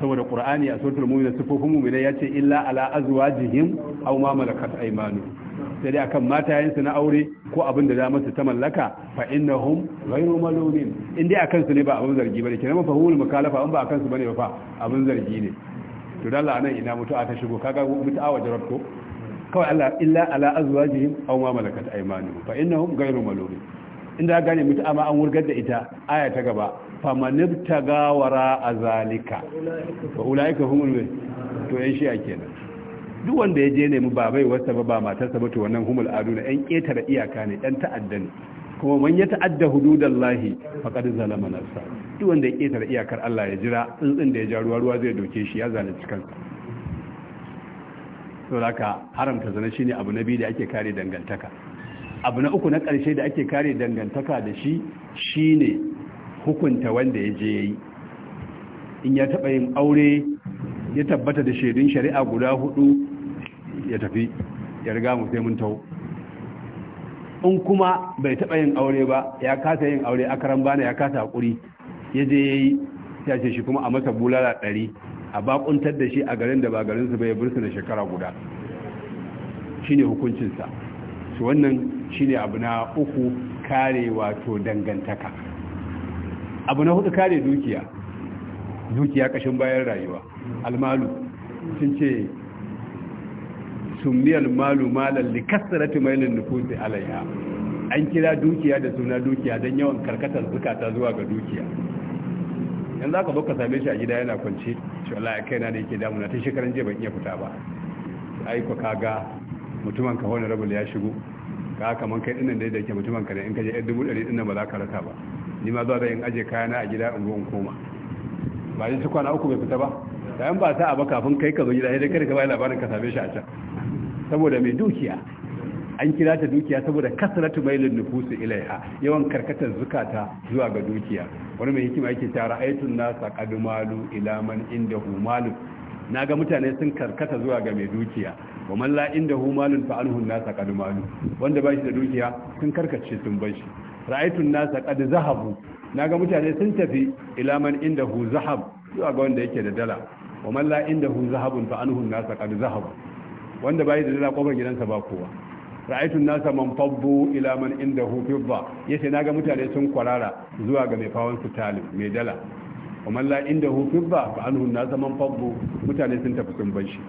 saboda qur'ani a suratul mu'minun sifofin mu'minai yace illa ala azwajihim aw ma malakat aymanuhum sai dai akan matayensu na aure ko abin da za su ta mallaka fa innahum ghayru malumin in dai akan su ne ba abin zargi bane kenan fa mukalafa an ba akan su bane ba fa abin zargi ne to dan Allah nan ina mutu'a ta shigo kaga mutu'a a jarab ko kawai Allah illa ala azwajihim aw ma malakat aymanuhum fa innahum ghayru malumin inda gane mutu'a ma an wurgar da ita aya ta gaba manibtaga wara azalika wa ulaika humul to yan a kenan duk wanda ya je nemi ba bai wasa ba ba matarsa ba to wannan humul aduna yan ƙetare iyaka ne ɗan ta'adda ne kuma man ya ta'adda hududallahi faqad zalama nafsa duk wanda ya ƙetare iyakar Allah ya jira tsuntsun da ya ja ruwa ruwa zai doke shi ya zalunci kansa to haka haramta shi shine abu na biyu da ake kare dangantaka abu na uku na karshe da ake kare dangantaka da shi shine hukunta wanda ya je yayi in ya taɓa yin aure ya tabbata da shaidun shari'a guda hudu ya tafi ya riga mu sai mun tau in kuma bai taba yin aure ba ya kasa yin aure karan bana ya kasa hakuri ya je ya yi ya shi kuma a masa bulala ɗari a bakuntar da shi a garin da ba garinsu bai bursu na shekara guda shi ne hukuncinsa su wannan shi ne abu na uku kare wato dangantaka abu na hudu kare dukiya dukiya kashin bayan rayuwa almalu sun ce summiyar malu malar likasarati mailin nufusi alaiya an kira dukiya da suna dukiya don yawan karkatar zukata zuwa ga dukiya yanzu aka zo ka same shi a gida yana kwance shi Allah ya kaina da yake damuna ta shekaran jiya ban iya fita ba Aiko ka ga mutumin ka wani da ya shigo ka man kai dinnan da yake mutumin ka ne in ka je 1000 dinnan ba za ka rasa ba ni ma zuwa da in aje kayana a gida in ruwan koma ba ni su kwana uku bai fita ba da an ba a ba kafin kai ka zo gida sai kada ka bai labarin ka same shi a can saboda mai dukiya an kira ta dukiya saboda kasratu mailin nufusu ilaiha yawan karkatar zukata zuwa ga dukiya wani mai hikima yake ta ra'aytun nasa qad malu ila man indahu malu naga mutane sun karkata zuwa ga mai dukiya wa man la indahu malun fa anhu nasa qad malu wanda ba shi da dukiya sun karkace sun bar shi ra'aytun nasa qad zahabu naga mutane sun tafi ila man indahu zahab zuwa ga wanda yake da dala wa man la hu zahabun fa anhu an-nasa qad zahaba wanda bai da dala kofar gidansa ba kowa ra'aytu an-nasa man fabbu ila man hu fidda yace naga mutane sun kwarara zuwa ga mai fawon su talib mai dala wa man la inda hu fidda fa anhu an-nasa man fabbu mutane sun tafi sun bar shi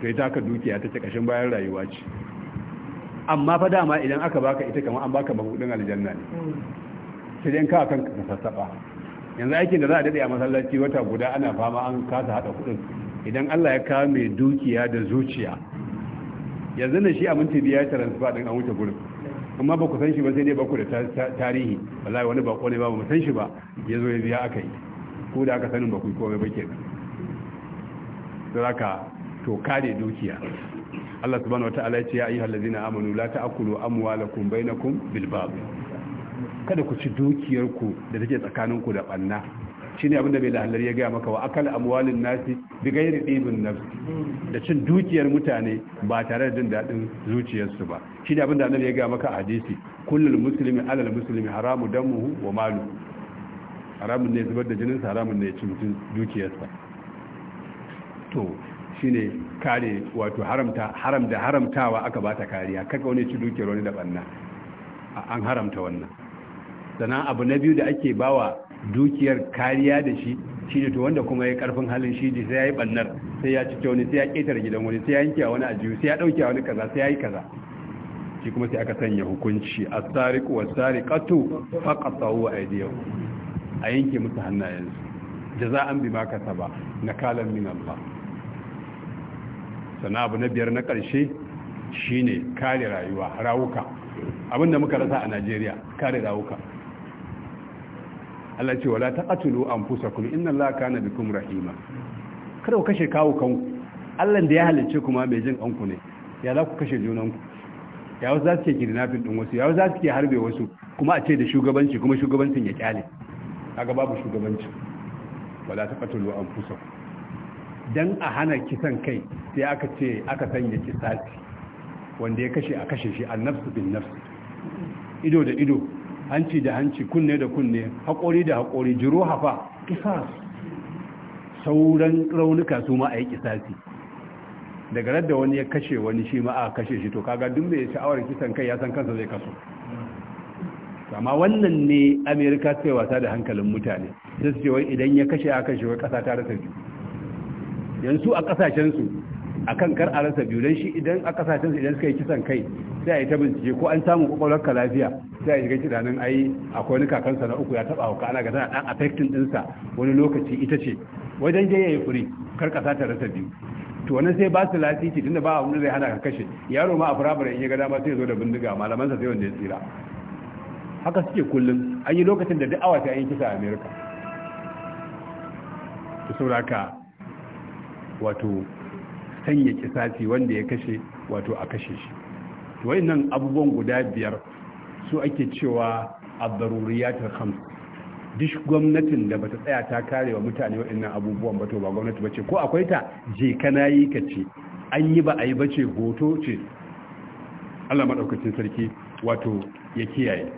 to ita ka dukiya ta ce kashin bayan rayuwa ce amma fa dama idan aka baka ita kamar an baka mahudin aljanna ne hmm. sai dai ka kanka ka sassaɓa. yanzu aikin da za a dade a masallaci wata guda ana fama an kasa hada kudin idan Allah ya kawo mai dukiya da zuciya yanzu ne shi a minti biya transfer din an wuce gurin amma ba ku san shi ba sai dai ba ku da tarihi wallahi wani bako ne ba mu san shi ba ya zo ya biya aka yi ko da aka sanin ba ku kowa ba ke saboda to kare dukiya Allah subhanahu wataala ya ce ya ayyuhallazina amanu la ta'kulu amwalakum bainakum bil batil kada ku ci dukiyarku da take tsakaninku da banna shine abin da bai lahallar ya gaya maka wa akal amwalin nasi bi gairi dibin nafsi da cin dukiyar mutane ba tare da jin dadin zuciyarsu ba shine abin da annabi ya gaya maka a hadisi kullum musulmi, alal muslimi haramu damuhu wa malu haramun ne zubar da jinin sa haramun ne cin dukiyarsa to shine kare wato haramta haram da haramtawa aka bata kariya kaga wani ci dukiyar wani da banna an haramta wannan sannan abu na biyu da ake bawa dukiyar kariya da shi shi ne to wanda kuma ya karfin halin shi ne sai ya yi bannar sai ya ci wani sai ya ƙetare gidan wani sai ya yanke wani ajiyu sai ya ɗauke wani kaza sai ya yi kaza shi kuma sai aka sanya hukunci a tsariku wa tsarikatu faƙasawo wa aidiyau a yanke musu hannayensu da za an bi ma na kalan min Allah sana abu na biyar na ƙarshe shine kare rayuwa rawuka abinda muka rasa a Najeriya kare rawuka Allah ce wala taqatulu anfusakum inna Allah kana bikum rahima kada ku kashe kawo kanku Allah da ya halicce kuma bai jin kanku ne ya za ku kashe junanku ya wasu za su ke kidnapping din wasu ya wasu za su ke harbe wasu kuma a ce da shugabanci kuma shugabancin ya kyale kaga babu shugabanci wala taqatulu anfusakum dan a hana kisan kai sai aka ce aka sanya kisasi wanda ya kashe a kashe shi nafsu bin nafsu. ido da ido hanci da hanci kunne da kunne haƙori da haƙori jiro hafa kisas sauran raunuka su ma a yi kisasi daga radda wani ya kashe wani shi ma a kashe shi to kaga duk mai sha'awar kisan kai ya san kansa zai kaso amma wannan ne amerika sai wasa da hankalin mutane sai su ce wai idan ya kashe a kashe wai kasa ta rasa biyu yanzu a kasashensu kan kar a rasa biyu don shi idan a kasashensu idan suka yi kisan kai sai a yi ta bincike ko an samu kwakwalwarka lafiya sai a shiga tunanin ai akwai wani kakansa na uku ya taba hauka ana ga tana dan affecting dinsa wani lokaci ita ce wajen je yayi furi kar kasa ta rasa biyu to wannan sai ba su lasiki tunda ba wani zai hana ka kashe yaro ma a firamare in ya ga dama sai ya zo da bindiga malaman sa sai wanda ya tsira haka suke kullum an yi lokacin da duk awa ta yin kisa a america ta sauraka wato sanya kisasi wanda ya kashe wato a kashe shi to wayannan abubuwan guda biyar su ake cewa a ta kamsu. duk gwamnatin da bata tsaya ta kare wa mutane waɗannan abubuwan ba to ba gwamnati bace ko akwai ta je kana yi ka ce an yi ba a yi bace hoto ce Allah maɗaukacin sarki wato ya kiyaye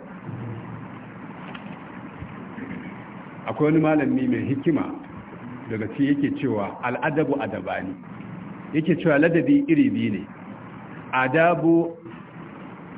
akwai wani malami mai hikima daga ci yake cewa al'adabu adabani yake cewa ladabi iri biyu ne adabu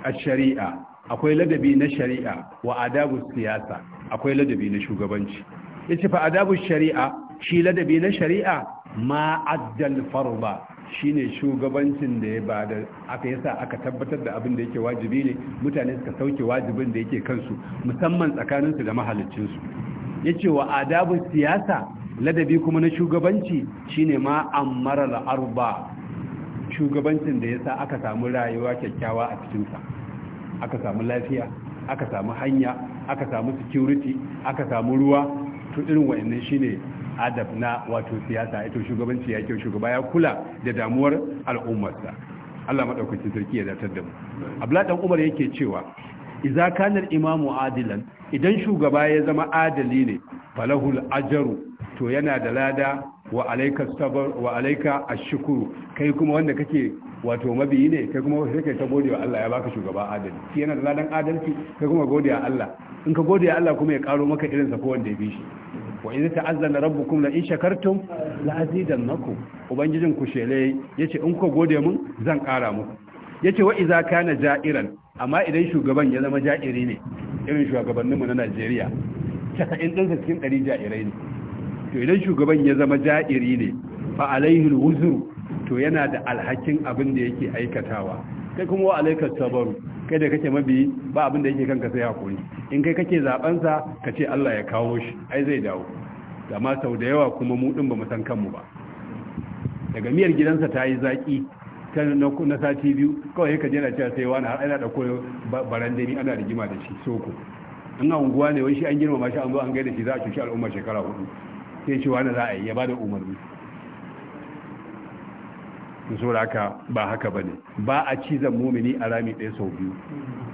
a shari'a akwai ladabi na shari'a wa adabu siyasa akwai ladabi na shugabanci yace fa adabu shari'a shi ladabi na shari'a ma addal farba shine shugabancin da ya ba da aka yasa aka tabbatar da abin da yake wajibi ne mutane suka sauke wajibin da yake kansu musamman tsakaninsu da su yace wa adabu siyasa ladabi kuma na shugabanci shine ma ammara al-arba shugabancin da yasa aka samu rayuwa kyakkyawa a cikin sa aka samu lafiya aka samu hanya aka samu security aka samu ruwa to irin wa'annan shine adab na wato siyasa ito shugabanci ya kyau shugaba ya kula da damuwar al'ummarsa Allah madaukakin sarki ya zartar da mu abla dan Umar yake cewa idza kana al-imamu adilan idan shugaba ya zama adali ne falahul ajru to yana da lada wa alaika sabar wa alaika ashkuru kai kuma wanda kake wato mabiyi ne kai kuma kake ta gode Allah ya baka shugaba adalci. shi yana da ladan adalci kai kuma godiya Allah in ka godiya Allah kuma ya karo maka irin sa ko wanda ya bi shi wa idza ta'azzana rabbukum la in shakartum la azidannakum ubangijin ku shele yace in ku gode mun zan kara muku yace wa idza kana ja'iran amma idan shugaban ya zama ja'iri ne irin shugabanninmu na Najeriya 90 din cikin ɗari ja'irai ne to idan shugaban ya zama ja'iri ne fa alaihi alwuzru to yana da alhakin abin da yake aikatawa kai kuma wa alaika sabaru kai da kake mabi ba abin da yake kanka sai hakuri in kai kake zaben sa ka ce Allah ya kawo shi ai zai dawo amma sau da yawa kuma mu din bamu san kanmu ba daga miyar gidansa ta yi zaki ta na sati biyu kawai ka jira cewa sai wani har ana da koyo barandani ana rigima da shi soko in unguwa ne wai shi an girmama shi an zo an gaida shi za a cuci al'umma shekara hudu sai ce wani za a yi ya ba da umarni saboda ba haka ba ne ba a cizon mumini a rami ɗaya sau biyu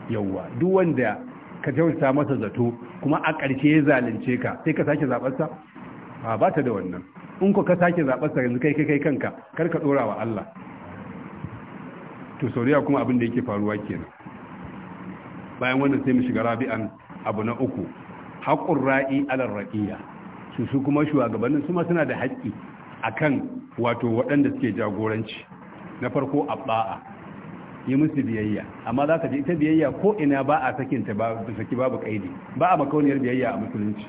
yauwa duk wanda ka kyautata masa zato kuma a ƙarshe ya zalunce ka sai ka sake zaɓarsa a ba ta da wannan in ku ka sake zaɓarsa yanzu kai kai kanka kar ka ɗora wa Allah to sauriya kuma abin da yake faruwa kenan bayan wannan sai mu shiga rabi'an abu na uku haƙƙun ra'i alar su su kuma shugabannin su ma suna da haƙƙi akan wato waɗanda suke jagoranci na farko a ba'a yi musu biyayya amma za ka ji ita biyayya ko ina ba a sakin ta, ba saki babu kaidi ba a makauniyar biyayya a musulunci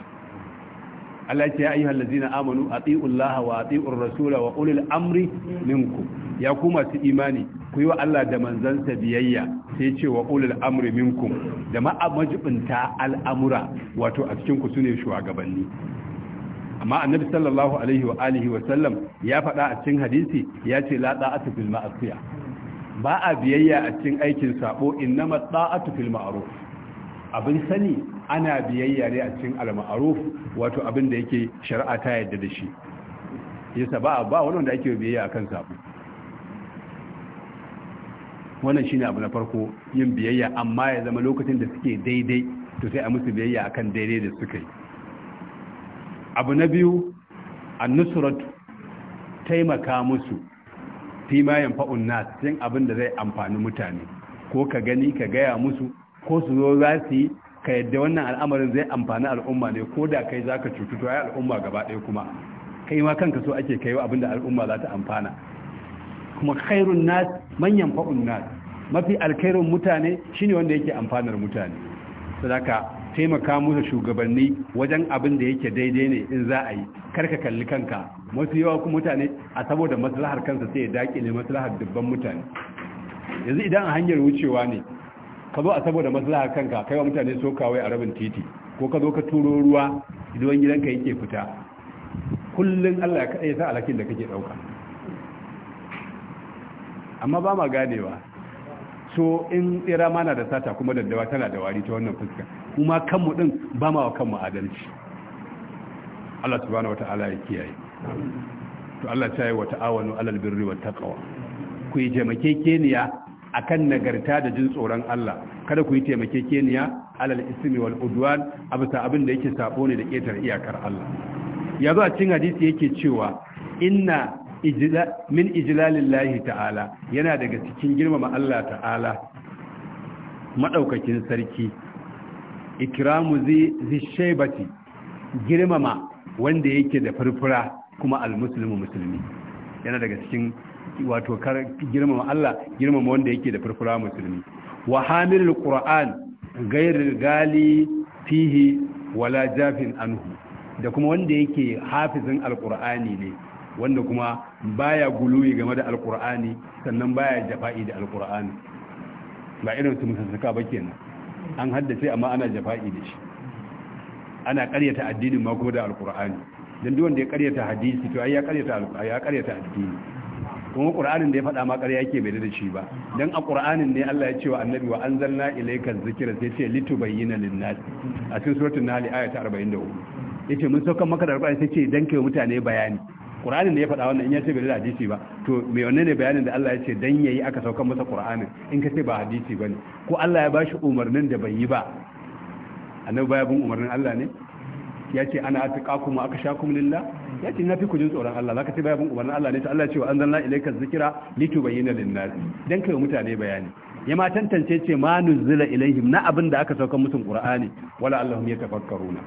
Allah ce ya ayyuhal ladzina amanu Allah wa atiur rasul wa ulil amri minkum ya ku masu imani ku yi wa Allah da manzansa biyayya sai ce wa ulil amri minkum da ma majibinta al'amura wato a cikin ku sune shugabanni amma annabi sallallahu alaihi wa alihi wa sallam ya faɗa a cikin hadisi ya ce la da'atu fil ma'asiya ba a biyayya a cikin aikin sabo innama da'atu fil ma'ruf abin sani ana biyayya ne a cikin al ma'ruf wato abin da yake shari'a ta yadda da shi yasa ba ba wannan da ake biyayya akan sabo wannan shine abu na farko yin biyayya amma ya zama lokacin da suke daidai to sai a musu biyayya akan daidai da suka yi abu na biyu annusratu taimaka musu fima fa'un nas cikin abin da zai amfani mutane ko ka gani ka gaya musu ko su zo za su yi ka yadda wannan al'amarin zai amfani al'umma ne ko da kai zaka cutu to al'umma gaba ɗaya kuma kai ma kanka so ake kai abin da al'umma za ta amfana kuma khairun nas manyan fa'un nas mafi alkhairun mutane shine wanda yake amfanar mutane sadaka taimaka musu shugabanni wajen abin da yake daidai ne in za a yi karka kalli kanka masu yawa kuma mutane a saboda maslahar kansa sai ya ne maslahar dubban mutane yanzu idan a hanyar wucewa ne ka zo a saboda maslahar kanka kaiwa mutane so kawai a rabin titi ko ka zo ka turo ruwa idan gidanka yake fita kullum Allah ya kaɗai sa alhakin da kake ɗauka amma ba ma ganewa so in tsira mana da sata kuma daddawa tana da wari ta wannan fuska Kuma kanmu din ba ma wa kanmu adalci Allah subhanahu wata'ala ya kiyaye to Allah ta yi wa ta'awanu alal birri wat taqwa ku yi taimakekeniya akan nagarta da jin tsoron Allah kada ku yi taimakekeniya alal ismi wal udwan abusa abin da yake sabo ne da ketar iyakar Allah ya zo a cikin hadisi yake cewa inna min ijlalillahi ta'ala yana daga cikin girmama Allah ta'ala madaukakin sarki ikramu zi shaibati girmama wanda yake da furfura kuma almuslimu musulmi yana daga cikin wato girmama Allah girmama wanda yake da furfura musulmi wa hamilul qur'an ghairul gali fihi wala jafin anhu da kuma wanda yake hafizin alqur'ani ne wanda kuma baya guluyi game da alqur'ani sannan baya jafa'i da alqur'ani ba irin sun musassaka ba kenan an haddace amma ana jafa'i da shi ana karyata addinin ma ko da alkur'ani don duk wanda ya karyata hadisi to ai ya karyata ya karyata addini kuma ƙur'anin da ya faɗa ma ƙarya yake bai da shi ba dan a ƙur'anin ne Allah ya ce wa annabi wa anzalna ilayka dhikra sai ce litubayyana lin-nas a cikin suratul nahl ayata 44 yace mun sauka maka da alƙur'ani sai ce dan kai mutane bayani Qur'anin da ya faɗa wannan in ya ce bai da hadisi ba to me wanne ne bayanin da Allah ya ce dan yayi aka saukar masa Qur'anin in ka ce ba hadisi bane ko Allah ya bashi umarnin da bai yi ba annabi baya bin umarnin Allah ne ya ce ana atqakum wa akshakum lillah ya ce na fi kujin tsoron Allah zaka ce baya bin umarnin Allah ne to Allah ya ce wa anzalna ilayka dhikra litubayyana lin-nas dan kai mutane bayani ya ma tantance ce ma nuzila ilaihim na abin da aka saukar musu Qur'ani wala allahum yatafakkaruna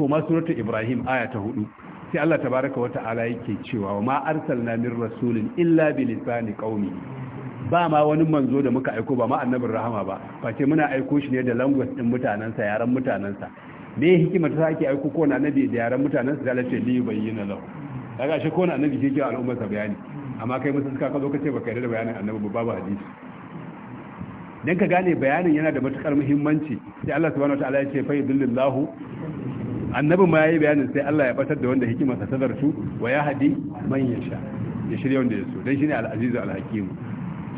ko ma suratul ibrahim aya ta 4 sai Allah tabaraka wa ta'ala yake cewa wa ma arsalna min rasulin illa bi lisani qaumi ba ma wani manzo da muka aiko ba ma annabin rahama ba face muna aiko shi ne da language din mutanansa yaran mutanansa me hikima ta sake aiko ko na nabi da yaran mutanansa da lafiya li bayyana lahu daga shi ko na annabi yake ke al'umma sa bayani amma kai musu suka zo kace baka yarda da bayanin annabi ba babu hadisi dan ka gane bayanin yana da matukar muhimmanci sai Allah subhanahu wataala ya ce fa yudillillahu annabi ma yayi bayanin sai Allah ya batar da wanda hikima ta su wa ya hadi man yasha ya shirya wanda ya so dan shine al-azizu al-hakim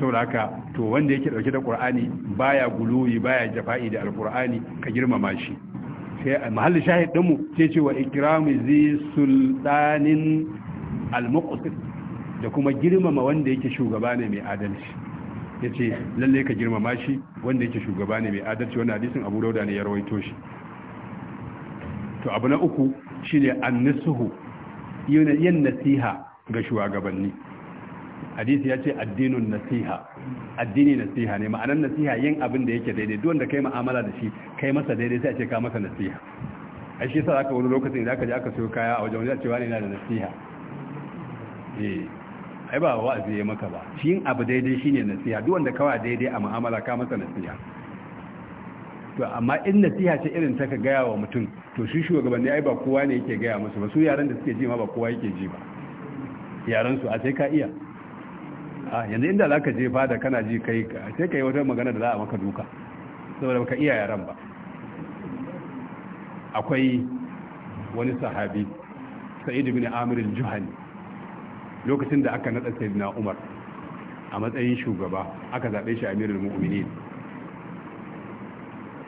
saboda haka to wanda yake dauke da qur'ani baya guluyi baya jafa'i da al-qur'ani ka girmama shi sai mahallin shahid din mu sai ce wa ikramu zi sultanin al-muqsit da kuma girmama wanda yake shugaba ne mai adalci yace lalle ka girmama shi wanda yake shugaba ne mai adalci wannan hadisin Abu Dawud ne ya rawaito shi to abu na uku shi an nisuhu yin nasiha ga shugabanni hadisi ya ce addinin nasiha addini nasiha ne ma'anar nasiha yin abin da yake daidai duk wanda kai ma'amala da shi kai masa daidai sai a ce ka masa nasiha a shi sa wani lokacin da aka je aka siyo kaya a wajen wani cewa ne na da nasiha eh ai ba wa'azi ya maka ba shi yin abu daidai shine nasiha duk wanda kawai daidai a ma'amala ka masa nasiha to amma in nasiha ce irin ta ka gaya wa mutum to shi shugabanni ai ba kowa ne yake gaya musu ba su yaran da suke ji ma ba kowa yake ji ba yaran su a sai ka iya a yanzu inda za ka je fada kana ji kai sai ka yi wata magana da za a maka duka saboda ba ka iya yaran ba akwai wani sahabi sa'id ibn amir al-juhani lokacin da aka nada sayyidina umar a matsayin shugaba aka zabe shi amirul mu'minin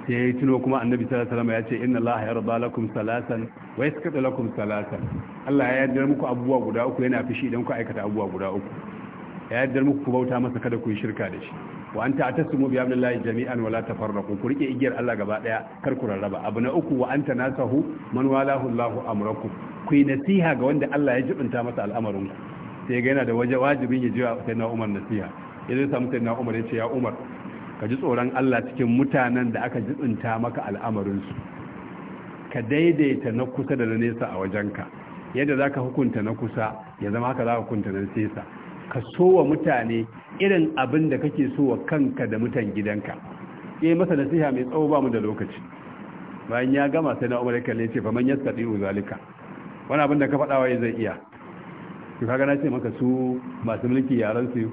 sai ya tuno kuma annabi sallallahu alaihi wasallam ya ce inna allaha yarda lakum salatan wa yaskatu lakum salatan Allah ya yarda muku abubuwa guda uku yana fishi idan ku aikata abubuwa guda uku ya yarda muku ku bauta masa kada ku yi shirka da shi wa anta atasmu bi amrillahi jami'an wala tafarraqu ku rike igiyar Allah gaba daya kar ku rarraba abu na uku wa anta nasahu man walahu Allahu amrakum ku yi nasiha ga wanda Allah ya jibinta masa al'amarin ku sai ga yana da waje wajibin ya jiwa sai na Umar nasiha idan samu sai na Umar ya ce ya Umar ka ji tsoron Allah cikin mutanen da aka jibinta maka al'amarinsu ka daidaita na kusa da na nesa a wajenka yadda za ka hukunta na kusa ya zama haka za ka hukunta na nesa ka so wa mutane irin abin da kake so wa kanka da mutan gidanka ya eh, masa nasiha mai tsawo ba mu da lokaci bayan ya gama sai na umar kalle ce fa man ɗi uzalika wani abin da ka faɗawa wa zai iya to gana ce maka su masu mulki yaran su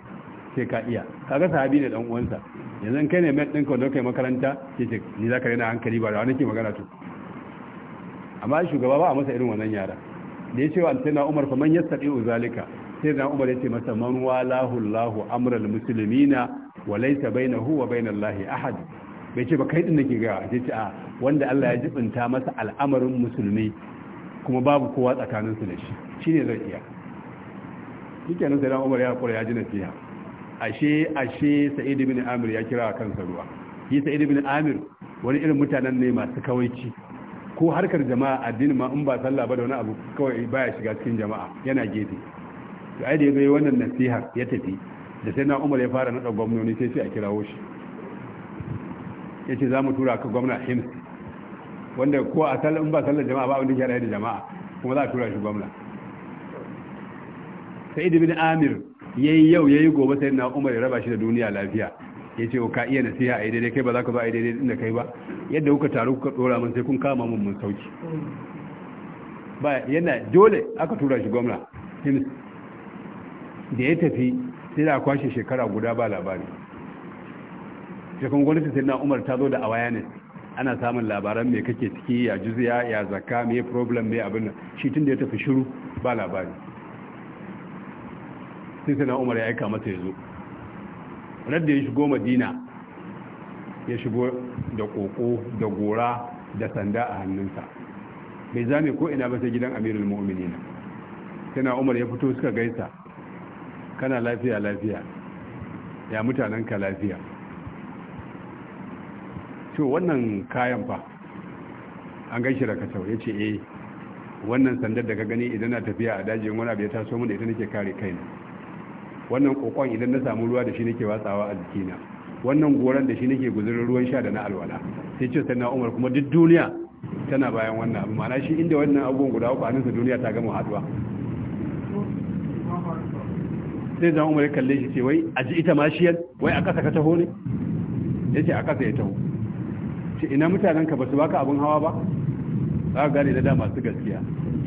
sai ka iya kaga sahabi ne dan uwansa yanzu kai ne mai ɗinka wanda kai makaranta Sai ce ni za rena hankali ba da wani ke magana to amma shugaba ba a masa irin wannan yara da ya ce wa antena umar fa man yastati uzalika sai na umar ya ce masa man walahu allah amral muslimina wa laysa bainahu wa bainallahi ahad bai ce ba kai din nake ga ya ce a wanda Allah ya jibinta masa al'amarin musulmi kuma babu kowa tsakaninsu da shi shine zai iya shikenan sai na umar ya kula ya ji nasiha ashe ashe sa'id ibn amir ya kira kansa ruwa yi sa'id ibn amir wani irin mutanen ne masu kawaici ko harkar jama'a addini ma in ba sallah ba da wani abu kawai baya shiga cikin jama'a yana gefe to ai da yayi wannan nasiha ya tafi da sai na Umar ya fara nada gwamnoni sai sai a kirawo shi yace za mu tura ka gwamna Hims wanda ko a sallah in ba sallah jama'a ba wanda ke da jama'a kuma za a tura shi gwamna sai ibn Amir yayi yau ya yi gobe sai na Umar ya raba shi da duniya lafiya ya ce ka iya nasiha a yi daidai kai ba za ka ba a yi daidai inda kai ba yadda kuka taru kuka tsora mun sai kun kama mun mun sauki ba yana dole aka tura shi gwamna hims da ya tafi sai da kwashe shekara guda ba labari shekun gwamnati sai na umar ta zo da awareness ana samun labaran mai kake ciki ya juziya ya zakka mai problem mai abin nan shi tun da ya tafi shiru ba labari sai sai na umar ya aika masa ya zo da ya shigo madina ya shigo da koko da gora da sanda a hannunsa bai zame ko ina ba sai gidan amirul na? na umar ya fito suka gaisa kana lafiya lafiya ya mutanen ka lafiya to wannan kayan fa an gaishe da kasau ya ce eh wannan sandar da ka gani idan na tafiya a dajin wani abu ya taso mun da ita nake kare kaina wannan kokon idan na samu ruwa da shi nake watsawa a jikina wannan goran da shi nake guzurin ruwan sha da na alwala sai ce sannan umar kuma duk duniya tana bayan wannan abu ma'ana shi inda wannan abubuwan guda uku hannunsa duniya ta gama haduwa sai zan umar kalle shi ce wai a ji ita mashiyar wai a ƙasa ka taho ne ya ce a ƙasa ya taho ce ina mutanenka ba su baka abin hawa ba za gane da da masu gaskiya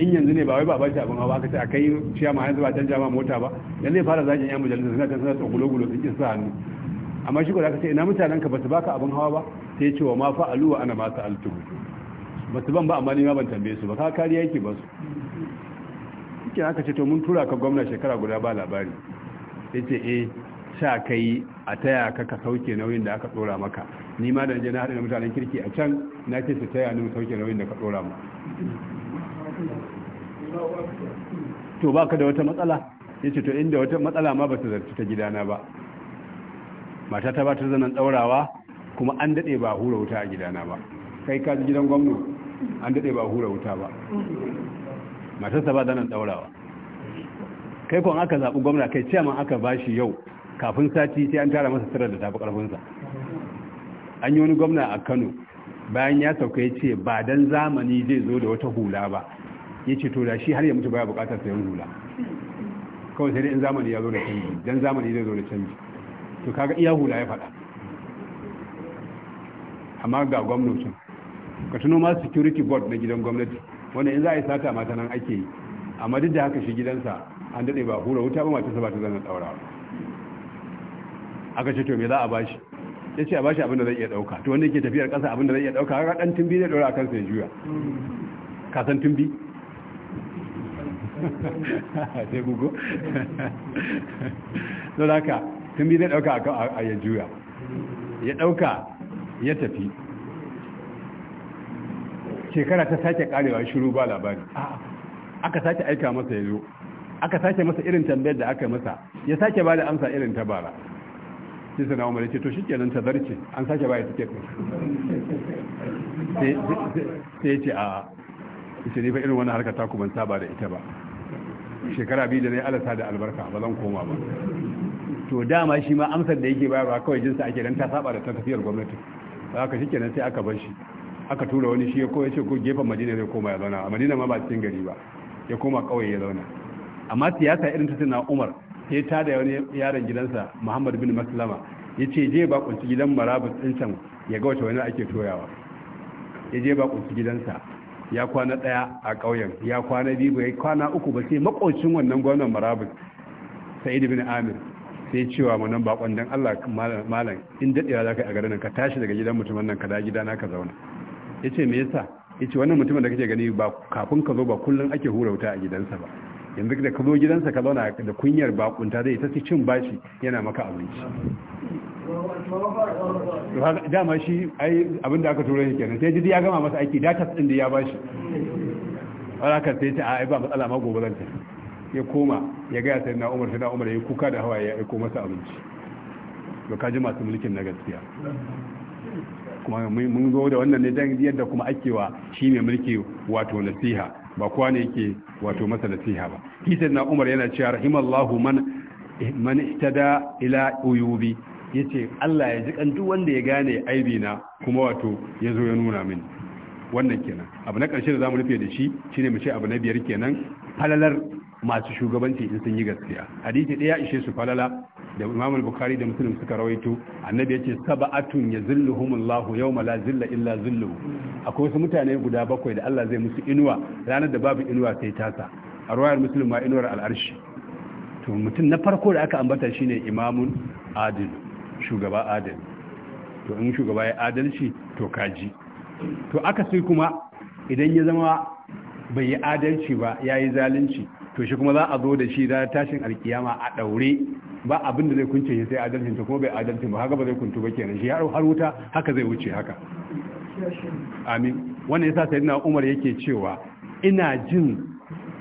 in yanzu ne ba wai ba ba shi abin hawa aka ce a kai ciya ma yanzu ba can ma mota ba lalle fara zagin yan mujallar suna can suna tsogulo gulo sun sa hannu amma shi ko aka ce ina mutanen ka basu baka abin hawa ba sai cewa ma fa aluwa ana ma sa'altu basu ban ba amma ni ma ban tambaye su ba ka kariya yake ba su yake aka ce to mun tura ka gwamna shekara guda ba labari sai ce eh sha kai a taya ka ka sauke nauyin da aka tsora maka ni ma da je na haɗu da mutanen kirki a can na ce su taya ni mu sauke nauyin da ka dora mu to ba ka da wata matsala ya ce to inda wata matsala ma ba ta zarci ta gidana ba mata ta ba ta zanen tsaurawa kuma an daɗe ba hura wuta a gidana ba kai ka gidan gwamnu an daɗe ba hura wuta ba matarsa ba zanen tsaurawa kai kwan aka zaɓi gwamna kai ciyaman aka ba shi yau kafin sati sai an tara masa tsirar da tafi ƙarfinsa an yi wani gwamna a kano bayan ya sauka ya ce ba dan zamani zai zo da wata hula ba ya ce to da shi har ya mutu baya bukatar sayan hula kawai sai dai in zamani ya zo da canji dan zamani zai zo da canji to kaga iya hula ya faɗa amma ga gwamnatin ka tuno ma security board na gidan gwamnati wanda in za a yi sata mata nan ake yi amma duk da haka shi gidansa an daɗe ba hura wuta ba matarsa ba ta zana tsaurawa aka ce to me za a bashi ya ce a bashi abin da zai iya dauka to wanda ke tafiyar kasa abin zai iya dauka ga dan tumbi zai dora kansa ya juya ka san tumbi *laughs* sai gugu *laughs* don ka tumbi zai dauka a ya juya ya dauka ya tafi shekara ta sake karewa shiru ba labari aka sake aika masa ya zo aka sake masa irin tambayar da aka masa ya sake ba da amsa irin ta bara sai sana umar ce to shikenan ta zarce an sake baya suke kai sai ya ce a ce ne fa irin wani harkar taku ban saba da ita ba shekara biyu da na yi alasa da albarka ba zan koma ba to dama shi ma amsar da yake bayarwa kawai jinsa ake dan ta saba da ta tafiyar gwamnati ba haka shi kenan sai aka bar shi aka tura wani shi ya koya ce ko gefen madina zai koma ya zauna a madina ma ba cikin gari ba ya koma kawai ya zauna amma siyasa irin ta na umar sai ta da wani yaron gidansa muhammad bin maslama ya ce je ba kunci gidan marabus ɗin can ya ga wata wani ake toyawa ya je ba kunci gidansa ya kwana ɗaya a ƙauyen ya kwana biyu ba ya kwana uku ba sai makocin wannan gwamnan marabus sa'id bin amir sai cewa nan bakon dan allah malam in daɗewa za ka a garin ka tashi daga gidan mutumin nan ka da gida na ka zauna ya ce me yasa ya ce wannan mutumin da kake gani ba kafin ka zo ba kullum ake hura wuta a gidansa ba yanzu da ka zo gidansa ka zauna da kunyar bakunta zai ta cin bashi yana maka abinci dama shi ai da aka tura shi kenan sai jidi ya gama masa aiki dakas din da ya bashi alaka sai ta ai ba matsala ma gobe ya koma ya gaya sai na Umar na Umar ya kuka da hawa ya aiko masa abinci to kaji masu mulkin na gaskiya kuma mun zo da wannan ne dan yadda kuma ake wa shi mai mulki wato nasiha ba kowa ne yake wato masa nasiha ba hisan na umar yana cewa rahimallahu man man ihtada ila uyubi yace Allah ya ji kan wanda ya gane aibina kuma wato ya zo ya nuna min. wannan kenan abu na karshe da zamu rufe da shi shine mu ce abu na biyar kenan falalar masu shugabanci in sun yi gaskiya hadisi daya ishe su falala da Imam al-Bukhari da Muslim suka rawaito annabi yace sab'atun yazilluhumullahu yawma la zilla illa zilluhu akwai wasu mutane guda bakwai da Allah zai musu inuwa ranar da babu inuwa sai tasa a ruwayar Muslim ma inuwar al-arshi to mutum na farko da aka ambata shine imamun adil shugaba adil to in shugaba ya adalci to kaji to aka sai kuma idan ya zama bai yi adalci ba yayi zalunci to shi kuma za a zo da shi da tashin alkiyama a ɗaure ba abin da zai kunce shi sai adalcin ta kuma bai adalcin ba haka ba zai kuntu ba kenan shi har wuta haka zai wuce haka amin wannan yasa sayyidina Umar yake cewa ina jin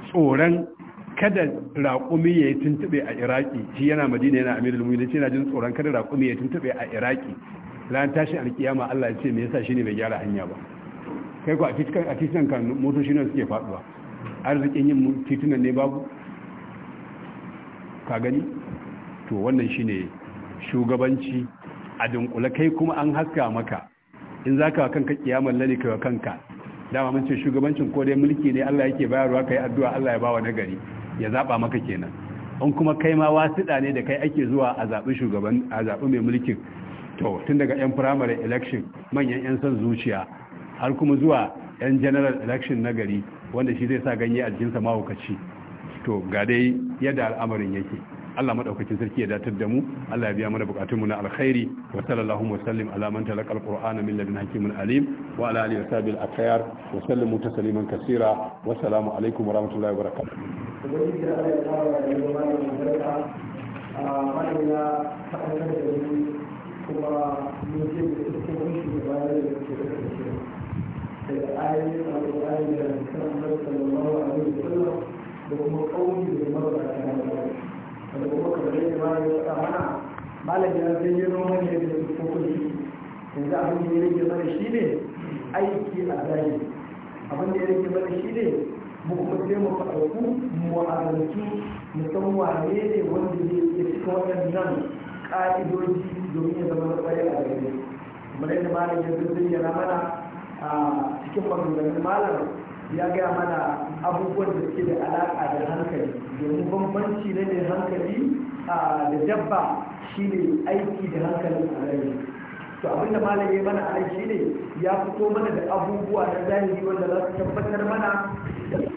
tsoron kada raƙumi ya yi tuntube a iraki shi yana madina yana amirul mu'minin yana jin tsoron kada raƙumi ya tuntube a iraki ran tashi alkiyama Allah ya ce me yasa shine bai gyara hanya ba kai ko a titunan a titunan kan motoci ne suke faduwa arzikin yin titunan ne babu ka gani to wannan shi ne shugabanci a dunkula kai kuma an haska maka in za ka kanka kiyamar lalle kai kanka dama mun ce shugabancin ko dai mulki ne Allah yake bayarwa kai addu'a Allah ya bawa nagari ya zaba maka kenan in kuma kai ma wasiɗa ne da kai ake zuwa a zaɓi shugaban a zaɓi mai mulkin to tun daga yan primary election manyan yan son zuciya har kuma zuwa yan general election nagari wanda shi zai sa ganye a jikinsa mahaukaci to ga dai yadda al'amarin yake Allah madaukakin sarki ya datar da mu Allah ya biya mana bukatunmu mu na alkhairi wa sallallahu wa sallim ala man talaqa alqur'ana min ladin hakimin alim wa ala alihi wa sahbihi al wa sallimu tasliman kaseera wa salamu alaikum wa rahmatullahi wa barakatuh da cikin shi da bayan da da kuma da wanda kuma kamar yadda ma ya faɗa mana malami ya zai yi noma ne da hukunci yanzu abin da ya rage mana shi ne aiki a zahiri abin da ya rage mana shi ne mu kuma sai mu faɗaku mu wa'azantu mu san wane ne wanda zai iya cika waɗannan ƙa'idoji domin ya zama na ƙwarai a gare kamar yadda malam ya zai bayyana mana a cikin maganganun malam ya gaya mana abubuwan da suke da alaƙa da hankali domin bambanci na ne hankali da dabba shine aiki da hankalin alayi to abin da malam ya mana alai ne, ya fito mana da abubuwa na zahiri wanda za su tabbatar mana